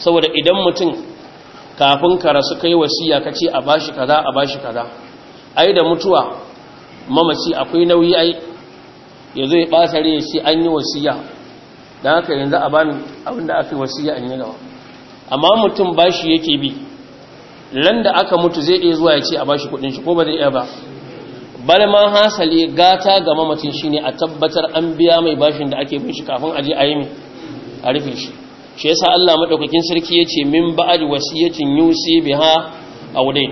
saboda idan mutum kafin ka rasu kai wasiya ce a bashi kaza a bashi kaza ai da mutuwa mamaci akwai nauyi ai yanzu ya ɓata rai shi an yi wasiya don haka yanzu a bani abin da aka yi wasiya an yi gawa amma mutum bashi yake bi Landa aka mutu zai iya zuwa ya ce a bashi kuɗin shi ko ba zai iya ba bal ma hasali gata ga mamacin shine a tabbatar an biya mai bashin da ake bin shi kafin aje a yi mai a rufe shi shi yasa Allah maɗaukakin sarki yace min ba'd wasiyatin yusi biha aure.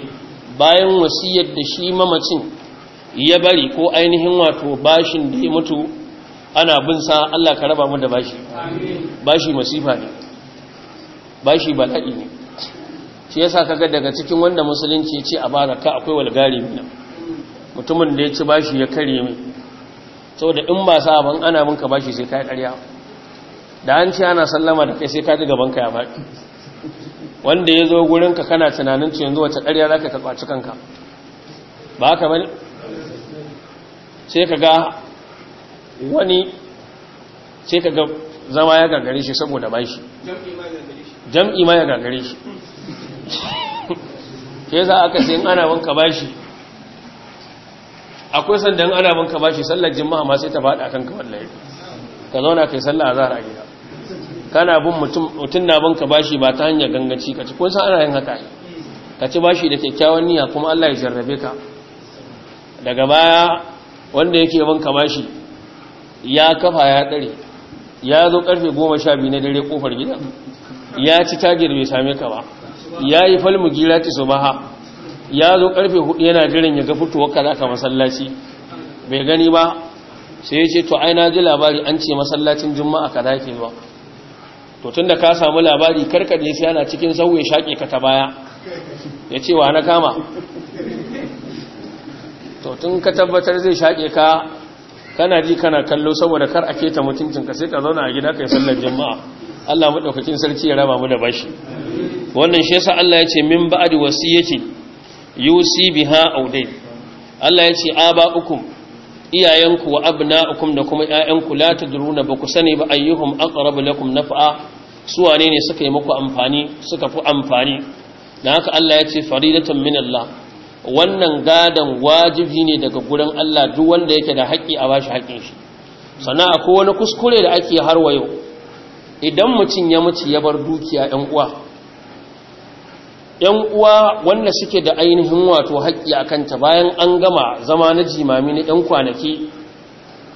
bayan wasiyar da shi mamacin ya bari ko ainihin wato bashin da ya mutu ana bin sa Allah ka raba mu da bashi bashi masifa ne bashi bala'i ne shi yasa kaga daga cikin wanda musulunci ya ce a baraka akwai walgari mina mutumin da ya ci bashi ya kare mai saboda in ba sa ban ana minka bashi sai kai karya da an ci ana sallama da kai sai ka ji gaban ka ya baki wanda ya zo gurin ka kana tunanin ci yanzu wace karya zaka ka kwaci kanka ba haka bane sai ka ga wani sai ka ga zama ya gagare shi saboda bashi jam'i ma ya gagare shi ke za aka sai ana wanka bashi akwai sandan ana bin ka bashi sallar jima'a ma sai ta faɗi kan ka wallahi ka zauna kai sallar azhar a gida kana bin mutum mutum na bin ka bashi ba ta hanyar gangaci ka ci ko san ana yin haka ka ci bashi da kyakkyawan niyya kuma Allah ya jarrabe ka daga baya wanda yake bin ka bashi ya kafa ya dare ya zo karfe 12 na dare kofar gida ya ci tagir bai same ka ba ya yi falmu gira ta subaha ya zo karfe hudu yana jiran ya ga fitowar ka zaka masallaci bai gani ba sai ya ce to aina na ji labari an ce masallacin juma'a ka dake zuwa to tun da ka samu labari karkade shi yana cikin sauye shaƙe ka ta baya ya ce wa na kama to tun ka tabbatar zai shaƙe ka kana ji kana kallo saboda kar a keta ka sai ka zauna a gida kai sallar juma'a Allah madaukakin sarki ya raba mu da bashi wannan shi yasa Allah ya ce min ba'adi wasiyati yusi biha audain Allah ya ce aba'ukum iyayenku wa abna'ukum da kuma ƴaƴanku la tadruna ba ku sani ba ayyuhum aqrabu lakum naf'a su wane ne suka yi muku amfani suka fi amfani dan haka Allah ya ce faridatan min Allah wannan gadan wajibi ne daga gurin Allah duk wanda yake da haƙƙi a bashi haƙƙin shi Sana'a akwai wani kuskure da ake harwayo idan mutum ya mutu ya bar dukiya 'yan uwa 'yan uwa wanda suke da ainihin wato haƙƙi a kanta bayan an gama zama na jimami na 'yan kwanaki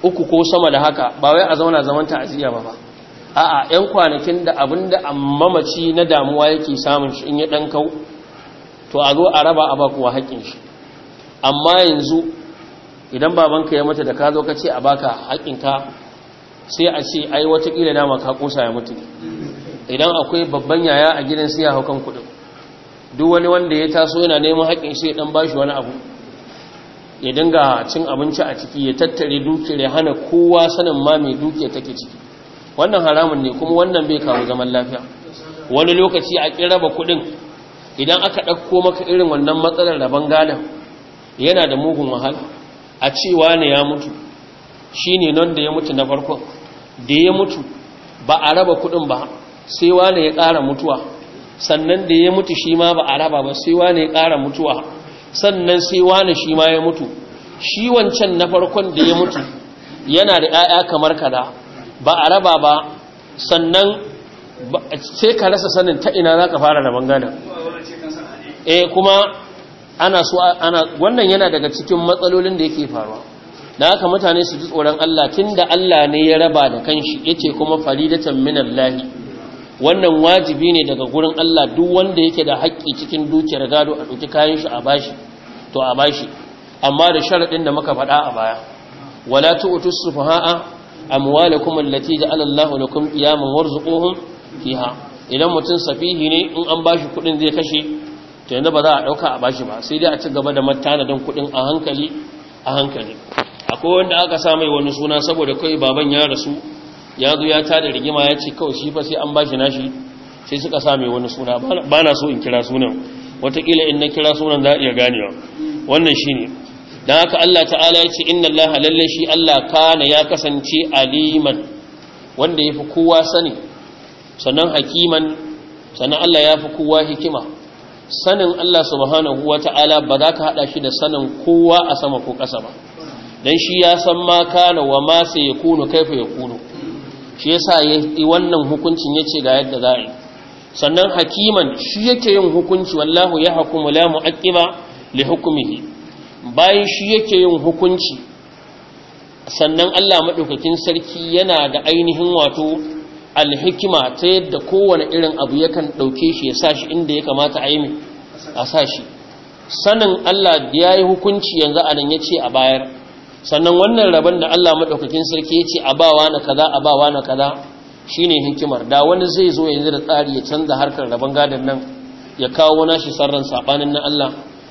uku ko sama da haka ba wai a zauna zaman ta'aziyya ba ba a'a 'yan kwanakin da abinda mamaci na damuwa yake samun shi in ya dan kau to a zo a raba a ba haƙƙin shi amma yanzu idan babanka ya mata da ka zo ka ce a baka haƙƙinka sai a ce ai wata kila dama ka kosa ya mutu idan akwai babban yaya a gidan sai ya hau kan kuɗin duk wani wanda ya taso yana neman haƙin shi dan bashi wani abu ya dinga cin abinci a ciki ya tattare dukiyar ya hana kowa sanin ma mai dukiyar take ciki wannan haramun ne kuma wannan bai kawo zaman lafiya wani lokaci a ƙi raba kuɗin idan aka ɗauko maka irin wannan matsalar rabon gadon yana da mugun wahala a cewa ne ya mutu shi ne nan da ya mutu na farkon da ya mutu ba a raba kuɗin ba sai wane ya kara mutuwa sannan da ya mutu shi ma ba a raba ba sai wane ƙara mutuwa sannan sai wane shi ma ya mutu shi wancan na farkon da ya mutu yana da 'ya'ya kamar kada ba a raba ba sannan sai ka rasa sanin ta ina za ka fara rabon bangana eh kuma ana so ana wannan yana daga cikin matsalolin da yake faruwa da haka mutane su ji tsoron Allah tunda Allah ne ya raba da kanshi yace kuma faridatan minallahi wannan wajibi ne daga gurin Allah duk wanda yake da haƙƙi cikin dukiyar gado a ɗauki kayan shi a bashi to a bashi amma da sharaɗin da muka faɗa a baya wala tu'tu sufaha'a amwalakum allati ja'ala Allahu lakum qiyaman warzuquhum fiha idan mutum safihi ne in an bashi kuɗin zai kashe to yanzu ba za a ɗauka a bashi ba sai dai a ci gaba da mattana don kuɗin a hankali a hankali akwai wanda aka sa mai wani suna saboda kai baban ya rasu ya zo ya tada rigima ya ce kawai shi fa sai an bashi nashi sai suka same wani suna ba na so in kira sunan watakila in na kira sunan za a iya ganewa wannan shi ne don haka Allah ta'ala ya ce inna Allah lalle shi Allah kana ya kasance aliman wanda ya fi kowa sani sannan hakiman sannan Allah ya fi kowa hikima sanin Allah subhanahu wa ta'ala ba za ka haɗa shi da sanin kowa a sama ko kasa ba don shi ya san ma kana wa ma sai ya kunu kaifa ya kunu shi yasa yi wannan hukuncin yace ga yadda za a yi sannan hakiman shi yake yin hukunci wallahu ya hukumu lamu akima li hukumihi bayan shi yake yin hukunci sannan Allah maɗaukakin sarki yana da ainihin wato alhikima ta yadda kowane irin abu yakan ɗauke shi ya sa shi inda ya kamata a yi a sa shi sanin Allah ya yi hukunci yanzu anan yace a bayar sannan wannan rabon da Allah madaukakin sarki ya ce a abawa na kaza a abawa na kaza shine hikimar da wani zai zo yanzu da tsari ya canza harkar rabon gadon nan ya kawo nashi sarran sabanin na Allah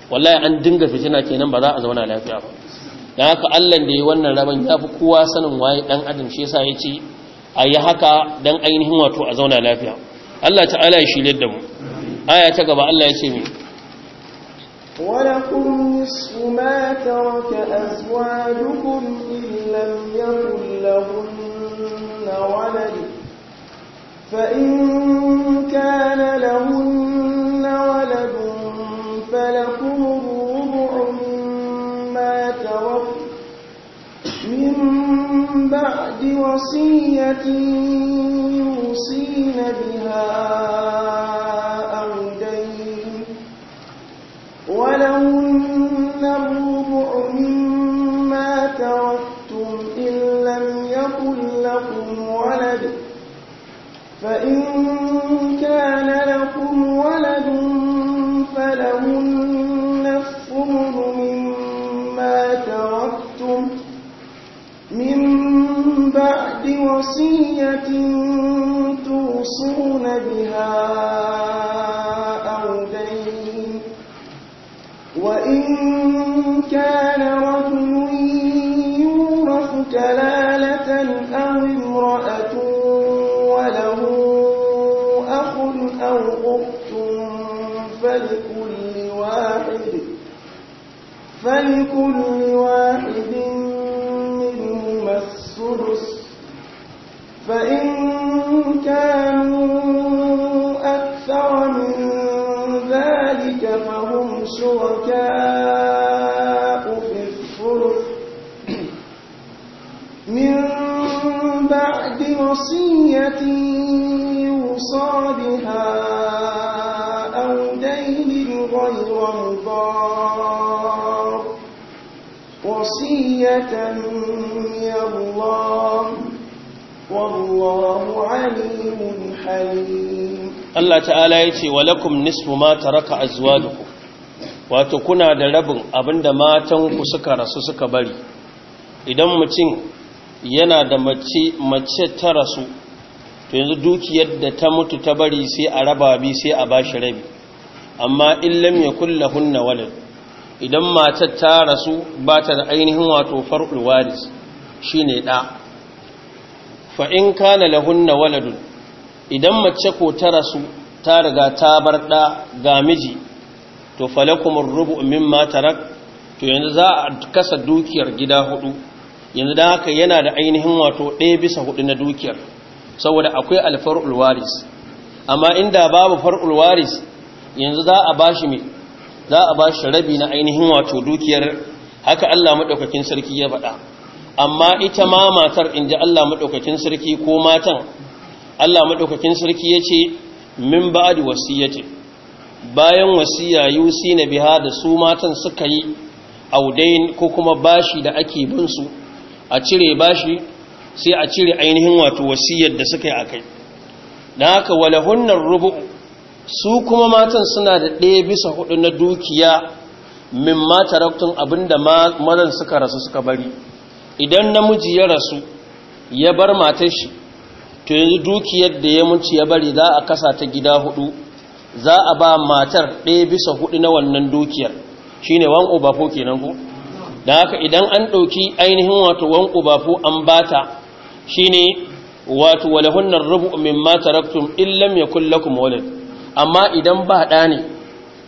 wallahi an dinga fitina kenan ba za a zauna lafiya ba dan haka Allah da yi wannan rabon ya fi kowa sanin waye dan adam shi yasa ya ce a yi haka dan ainihin wato a zauna lafiya Allah ta'ala ya shirye da mu aya ta gaba Allah ya ce mu نصف ما ترك أزواجكم إن لم يكن لهن ولد فإن كان لهن ولد فلكم الربع مما ترك من بعد وصية يوصين بها فإن كان لكم ولد فلهن الثمن مما تركتم من بعد وصية توصون بها أو دين وإن كان فلكل واحد منهما السدس فإن كانوا أكثر من ذلك فهم شركاء في الثلث من بعد وصية يوصى بها وصية من الله والله عليم حليم الله تعالى يتي ولكم نصف ما ترك أزواجكم wato kuna da rabin abinda matanku suka rasu suka bari idan mutum yana da mace mace ta rasu to yanzu dukiyar da ta mutu ta bari sai a raba bi sai a bashi rabi amma in lam yakul lahunna walad idan matar ta rasu ba ta da ainihin wato far'u waris Shi ne ɗa fa'in in kana lahunna waladun idan mace ko ta rasu ta riga ta bar ɗa ga miji to falakumur rubu mimma tarak to yanzu za a kasa dukiyar gida hudu yanzu da haka yana da ainihin wato ɗaya bisa hudu na dukiyar saboda akwai alfar'ul waris amma inda babu far'ul waris yanzu za a bashi mai za a ba shi rabi na ainihin wato dukiyar haka Allah maɗaukakin sarki ya faɗa amma ita ma matar in ji Allah maɗaukakin sarki ko matan Allah maɗaukakin sarki ya ce min ba da wasiyyati bayan wasiya yusi na biha da su matan suka yi audain ko kuma bashi da ake bin su a cire bashi sai a cire ainihin wato wasiyar da suka yi a kai da haka walahunnar rubu'u su kuma matan suna da ɗaya bisa hudu na dukiya min mata raktun abinda mazan suka rasu suka bari idan namiji ya rasu ya bar matar shi to yanzu dukiyar da ya munci ya bari za a kasa ta gida hudu za a ba matar ɗaya bisa hudu na wannan dukiyar shine wan ubafo kenan ku? da haka idan an ɗauki ainihin wato wan ubafo an bata ne wato walahunan rubu min mata raktun illam ya lakum walad amma idan ba ɗa ne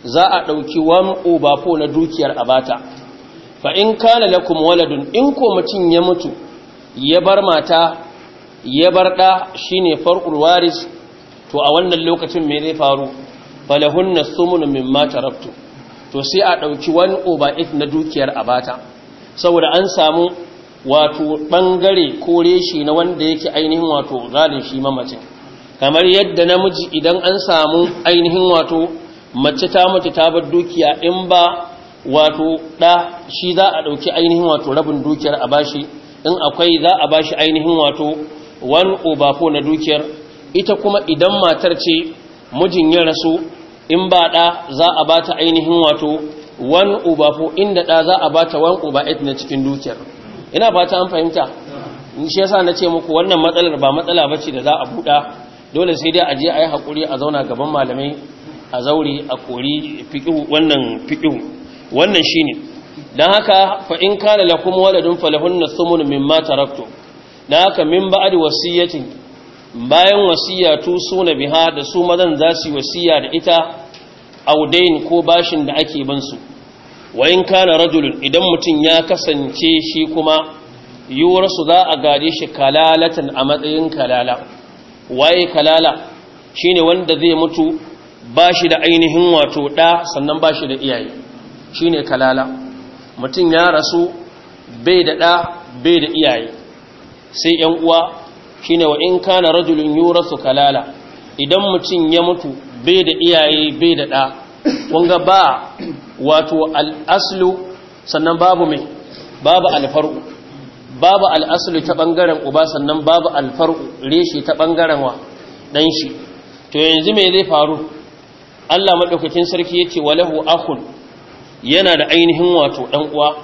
za a ɗauki wan obafo na dukiyar abata fa in kana kuma waladun in ko mutum ya mutu ya bar mata ya bar ɗa shi ne farkul waris to a wannan lokacin mai zai faru sumunan sumunu mata rabtu. to sai a ɗauki wani over eight na dukiyar abata saboda an samu wato ɓangare ko reshi na wanda yake ainihin wato zalin shi mamacin kamar yadda namiji idan an samu ainihin wato mace ta mutu ta bar dukiya in ba wato ɗa shi za a ɗauki ainihin wato rabin dukiyar a bashi in akwai za a bashi ainihin wato wani obafo na dukiyar ita kuma idan matar ce mijin ya rasu in ba ɗa za a ba ainihin wato wani obafo inda ɗa za a ba ta wani oba'it na cikin dukiyar ina ba an fahimta shi yasa na ce muku wannan matsalar ba matsala bace da za a buɗa dole sai dai a je a yi hakuri a zauna gaban malamai a zaure a kori fiƙihu wannan fiƙihu wannan shi ne don haka fa'in kana la kuma waladun falahun na sumun min ma tarakto don haka min ba a da wasiyyatin bayan wasiyatu tu suna biha da su mazan za su yi wasiya da ita a audain ko bashin da ake bansu wa in kana rajulun idan mutum ya kasance shi kuma yiwuwar su za a gare shi kalalatan a matsayin kalala waye kalala shine wanda zai mutu bashi da ainihin wato da sannan bashi da iyaye shine kalala mutum ya rasu bai da da bai da iyaye sai yan uwa shine wa in kana rajulun yurasu kalala idan mutum ya mutu bai da iyaye bai da da kunga ba wato al-aslu sannan babu mai babu alfaru babu al'asulu ta ɓangaren uba sannan babu alfaru reshe ta ɓangaren wa ɗan shi to yanzu mai zai faru allah maɗaukakin sarki ya ce walahu ahun yana da ainihin wato ɗan uwa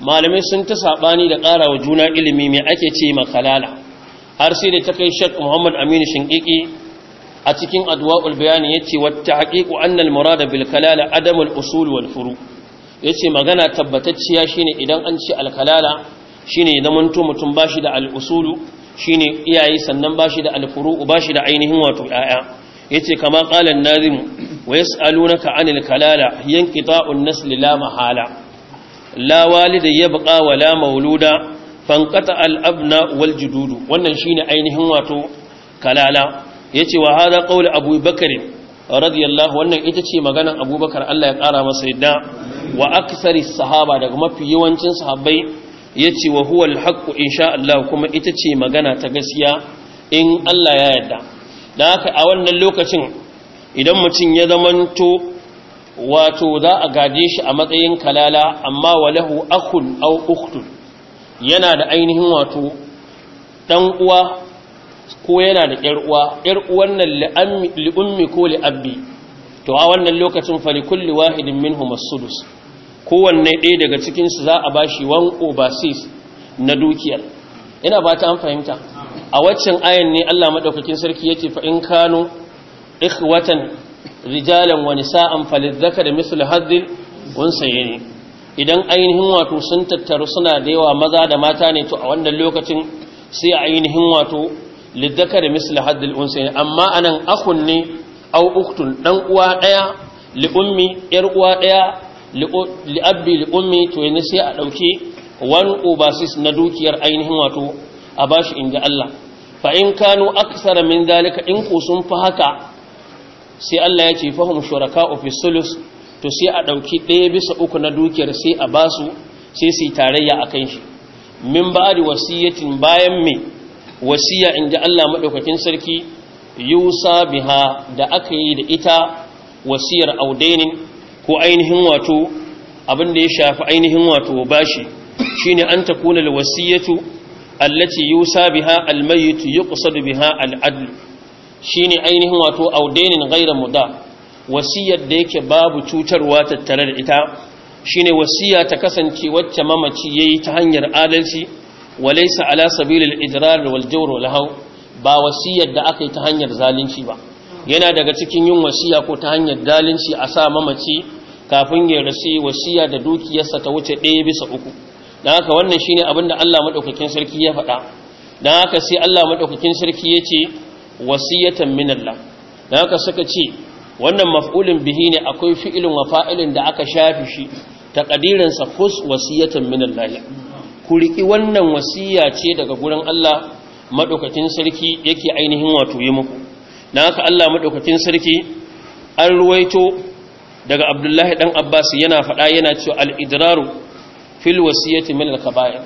malamai sun ta saɓani da ƙara wa juna ilimi mai ake ce makalala har sai da ta kai shek muhammad aminu shinƙiƙi a cikin adwa'ul bayani ya ce wata haƙiƙu annal murada bil kalala adamul usul wal furu ya ce magana tabbatacciya shine idan an ce alkalala shine zamanto mutum bashi da al'usulu shine iyaye sannan bashi da alfuru'u bashi da ainihin wato ƴaƴa yace kama qala an-nazim wa yas'alunaka 'anil kalala yanqita'un nasl la mahala la walida yabqa wa la mauluda fanqata al-abna wal jududu wannan shine ainihin wato kalala yace wa hada qawl abu bakr radiyallahu wannan ita ce maganan abubakar Allah ya kara masa yadda wa aksari sahaba daga mafi yawancin sahabbai ya ce wa huwa alhaqqu insha Allah kuma ita ce magana ta gaskiya in Allah ya yarda da haka a wannan lokacin idan mutum ya zamanto wato za a gaje shi a matsayin kalala amma walahu akhun aw ukhtun yana da ainihin wato dan uwa ko yana da 'yar uwa Yar uwan nan li ummi ko li abbi to a wannan lokacin fa li kulli wahidin minhum as-sudus kowanne ɗaya daga cikinsu za a bashi wan overseas na dukiyar ina ba ta an fahimta a waccan ayan ne Allah maɗaukakin sarki ya ce fa in kanu ikhwatan rijalan wa nisa'an falidhakari mislu haddil ne idan ainihin wato sun tattaru suna da yawa maza da mata ne to a wannan lokacin sai ainihin wato Liddaka da misali haddil unsayni amma anan akun ne au uktun ɗan uwa ɗaya li'ummi yar uwa ɗaya. li'abbi li'ummi to yanzu sai a ɗauki wan obasis na dukiyar ainihin wato a bashi inda Allah fa in kanu aksara min dalika in ko sun fi haka sai Allah ya ce fahim shuraka fi sulus to sai a ɗauki ɗaya bisa uku na dukiyar sai a basu sai su yi tarayya a kan shi min ba da bayan mai wasiya inda Allah maɗaukakin sarki yusa biha da aka yi da ita wasiyar audainin ko ainihin wato abin da ya shafi ainihin wato bashi shine an takuna alwasiyatu allati yusa biha almayyit yuqsadu biha al'adl shine ainihin wato audainin ghayra muda wasiyar da yake babu cutarwa tattare da ita shine wasiya ta kasance wacce mamaci yayi ta hanyar adalci walaysa ala sabilil idrar wal jawr wal haw ba wasiyar da aka yi ta hanyar zalunci ba yana daga cikin yin wasiya ko ta hanyar zalunci a sa mamaci kafin ya rasu wasiya da dukiyarsa ta wuce ɗaya bisa uku don haka wannan shine abin da Allah maɗaukakin sarki ya faɗa don haka sai Allah maɗaukakin sarki ya ce wasiyatan min Allah don haka suka ce wannan maf'ulin bihi ne akwai fi'ilin wa fa'ilin da aka shafi shi taqdirin sa kus wasiyatan min Allah ku riki wannan wasiya ce daga gurin Allah maɗaukakin sarki yake ainihin wato yi muku don haka Allah maɗaukakin sarki an ruwaito daga abdullahi dan abbas yana faɗa yana cewa al-idraru fil wasiyati min al-kaba'ir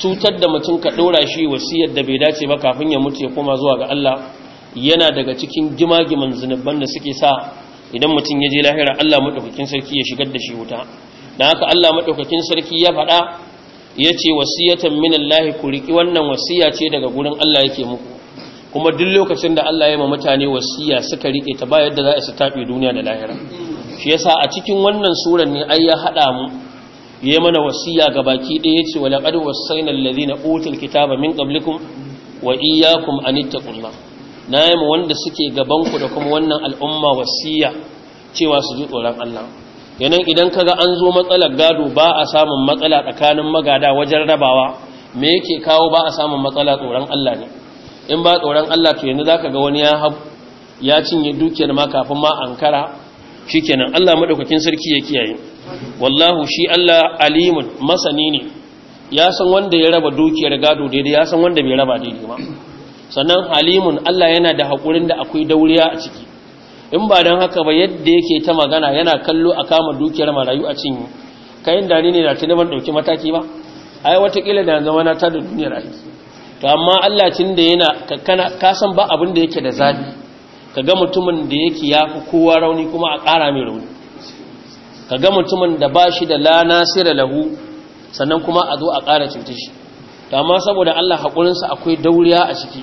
cutar da mutum ka dora shi wasiyar da bai dace ba kafin ya mutu ya koma zuwa ga Allah yana daga cikin gimagiman zunuban da suke sa idan mutum ya je lahira Allah madaukakin sarki ya shigar da shi wuta dan haka Allah madaukakin sarki ya faɗa ya ce wasiyatan min Allah ku riki wannan wasiya ce daga gurin Allah yake muku kuma duk lokacin da Allah ya ma mutane wasiya suka rike ta ba yadda za su tafi duniya da lahira shi yasa a cikin wannan suran ne ai ya hada mu yayi mana wasiya ga baki ɗaya yace wala qad wasaina alladhina utul kitaba min qablikum wa iyyakum an ittaqullah nayi mu wanda suke gaban ku da kuma wannan al'umma wasiya cewa su ji tsoron Allah yanan idan kaga an zo matsalar gado ba a samun matsala tsakanin magada wajen rabawa me yake kawo ba a samun matsala tsoron Allah ne in ba tsoron Allah to yanzu zaka ga wani ya ya cinye dukiyar ma kafin ma ankara kenan Allah madaukakin sarki ya kiyaye wallahu shi Allah alimun masani ne ya san wanda ya raba dukiyar gado daidai ya san wanda bai raba daidai ba sannan halimun Allah yana da hakurin da akwai dauriya a ciki in ba don haka ba yadda yake ta magana yana kallo a kama dukiyar marayu a cinye kayan da ne da tuni ban dauki mataki ba ai watakila da zama na ta da duniyar aiki to amma Allah tun da yana kana ka san ba abin da yake da zabi Ka ga mutumin da yake ya fi kowa rauni kuma a ƙara mai rauni Ka ga mutumin da ba shi da sai da lahu sannan kuma a zo a ƙara cuta shi amma saboda Allah haƙurinsa akwai dauriya a ciki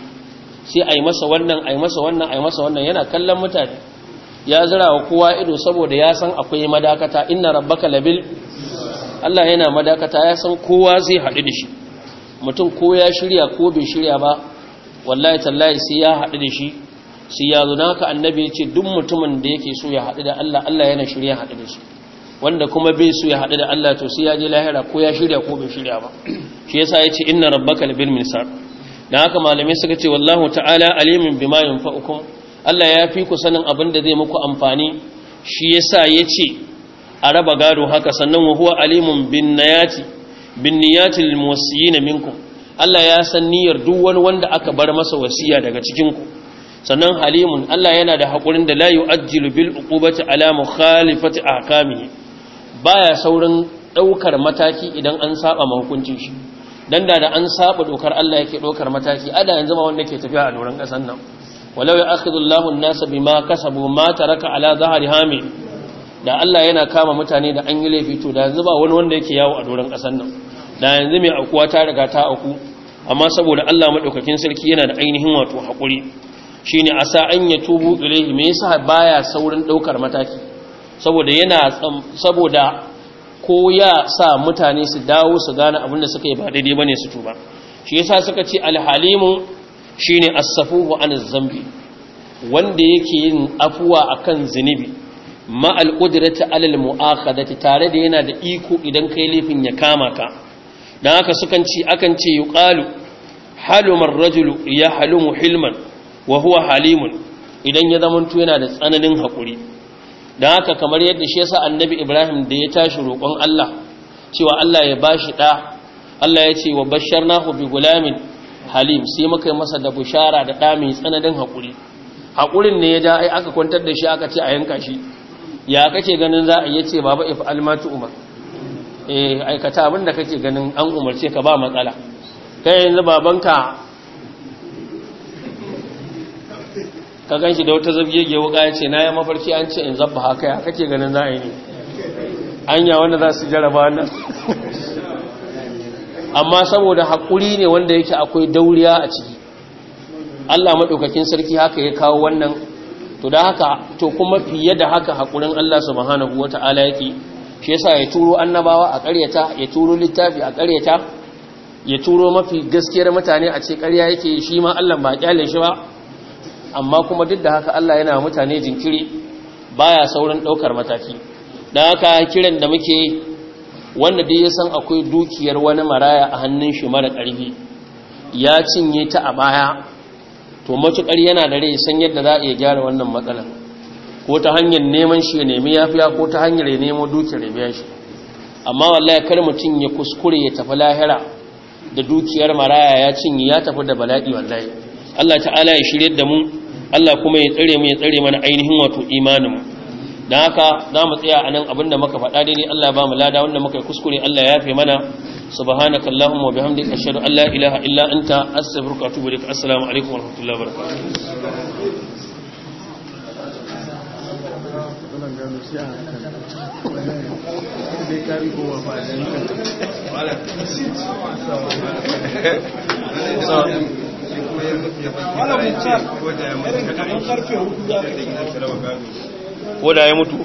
sai a yi masa wannan a yi masa wannan a yi masa wannan yana kallon mutane ya zira wa kowa ido saboda ya san akwai madakata inna rabbaka labil Allah yana madakata ya san kowa zai haɗu da shi mutum ko ya shirya ko bai shirya ba wallahi tallahi sai ya haɗu da shi su yazo naka annabi ya ce duk mutumin da yake so ya haɗu da Allah Allah yana shirya haɗu da shi wanda kuma bai so ya haɗu da Allah to sai ya je lahira ko ya shirya ko bai shirya ba shi yasa ya ce inna rabbaka labil misar dan haka malamai suka ce wallahu ta'ala alimin bima yanfa'ukum Allah ya fi ku sanin abin da zai muku amfani shi yasa ya ce a raba gado haka sannan wa huwa alimun bin nayati bin niyatil muwassiyina minkum Allah ya san niyyar duk wani wanda aka bar masa wasiya daga cikin ku sannan halimun Allah yana da haƙurin da layu ajjilu bil uqubati ala mukhalifati ahkamihi baya saurin daukar mataki idan an saba mahukuncin shi dan da an saba dokar Allah yake daukar mataki ada yanzu ma wanda ke tafiya a doran kasan nan walau ya'khudhu Allahu an-nasa bima kasabu ma taraka ala zahri hami da Allah yana kama mutane da an yi laifi to da yanzu ba wani wanda yake yawo a doran kasan nan da yanzu mai akuwa ta riga ta aku amma saboda Allah madaukakin sarki yana da ainihin wato haƙuri ne a an ya tubu ilaihi yasa baya saurin ɗaukar mataki saboda yana saboda ko ya sa mutane su dawo su gane abin da suka yi ba daidai ba ne su tuba shi yasa suka ce alhalimu shine as-safuhu an zambi wanda yake yin afuwa akan zunubi zinibi, al alal mu'akhadati tare da yana da iko idan kai laifin ya kama ka don haka sukan ci akan ce yuqalu halumar rajulu ya halumu hilman wa huwa halimun idan ya zamanto yana da tsananin haƙuri don haka kamar yadda shi yasa annabi ibrahim da ya tashi roƙon allah cewa allah ya bashi ɗa allah ya ce wa bashar nahu bi gulamin halim sai muka yi masa da bushara da ɗa mai tsananin haƙuri haƙurin ne ya ja ai aka kwantar da shi aka ce a yanka shi ya kace ganin za a iya ce baba if almatu umar eh aikata abin da kake ganin an umarce ka ba matsala kai yanzu babanka ka gan shi da wata zabgege wuka ya ce na ya mafarki an ce in zabba haka ya kake ganin za a yi ne anya wanda za su jaraba nan <laughs> amma saboda haƙuri ne wanda yake akwai dauriya a ciki Allah maɗaukakin sarki haka ya kawo wannan to da haka to kuma fiye da haka haƙurin Allah subhanahu wata'ala yake shi yasa ya turo annabawa a ƙaryata ya turo littafi a ƙaryata ya turo mafi gaskiyar mutane a ce ƙarya yake shi ma Allah ba ƙyalin shi ba amma kuma duk da haka Allah yana mutane jinkiri baya saurin ɗaukar mataki dan haka kiran da muke wanda dai ya san akwai dukiyar wani maraya a hannun shi mara ƙarfi ya cinye ta a baya to matukar yana da rai san yadda za a iya gyara wannan matsalar ko ta hanyar neman shi ya nemi yafiya ko ta hanyar ya nemo dukiyar ya biya shi amma wallahi kar mutum ya kuskure ya tafi lahira da dukiyar maraya ya cinye ya tafi da bala'i wallahi Allah ta'ala ya shirye da mu Allah kuma ya tsare mu ya tsare mana ainihin wato imaninmu. dan haka za mu tsaya a nan abinda muka faɗa daidai Allah ba mu lada wanda muka yi kuskure Allah ya yafe mana subhanaka allahumma wa bihamdika ashhadu an la ilaha illa anta astaghfiruka wa atubu ilaik assalamu alaikum wa rahmatullahi wa barakatuh ko da ya mutu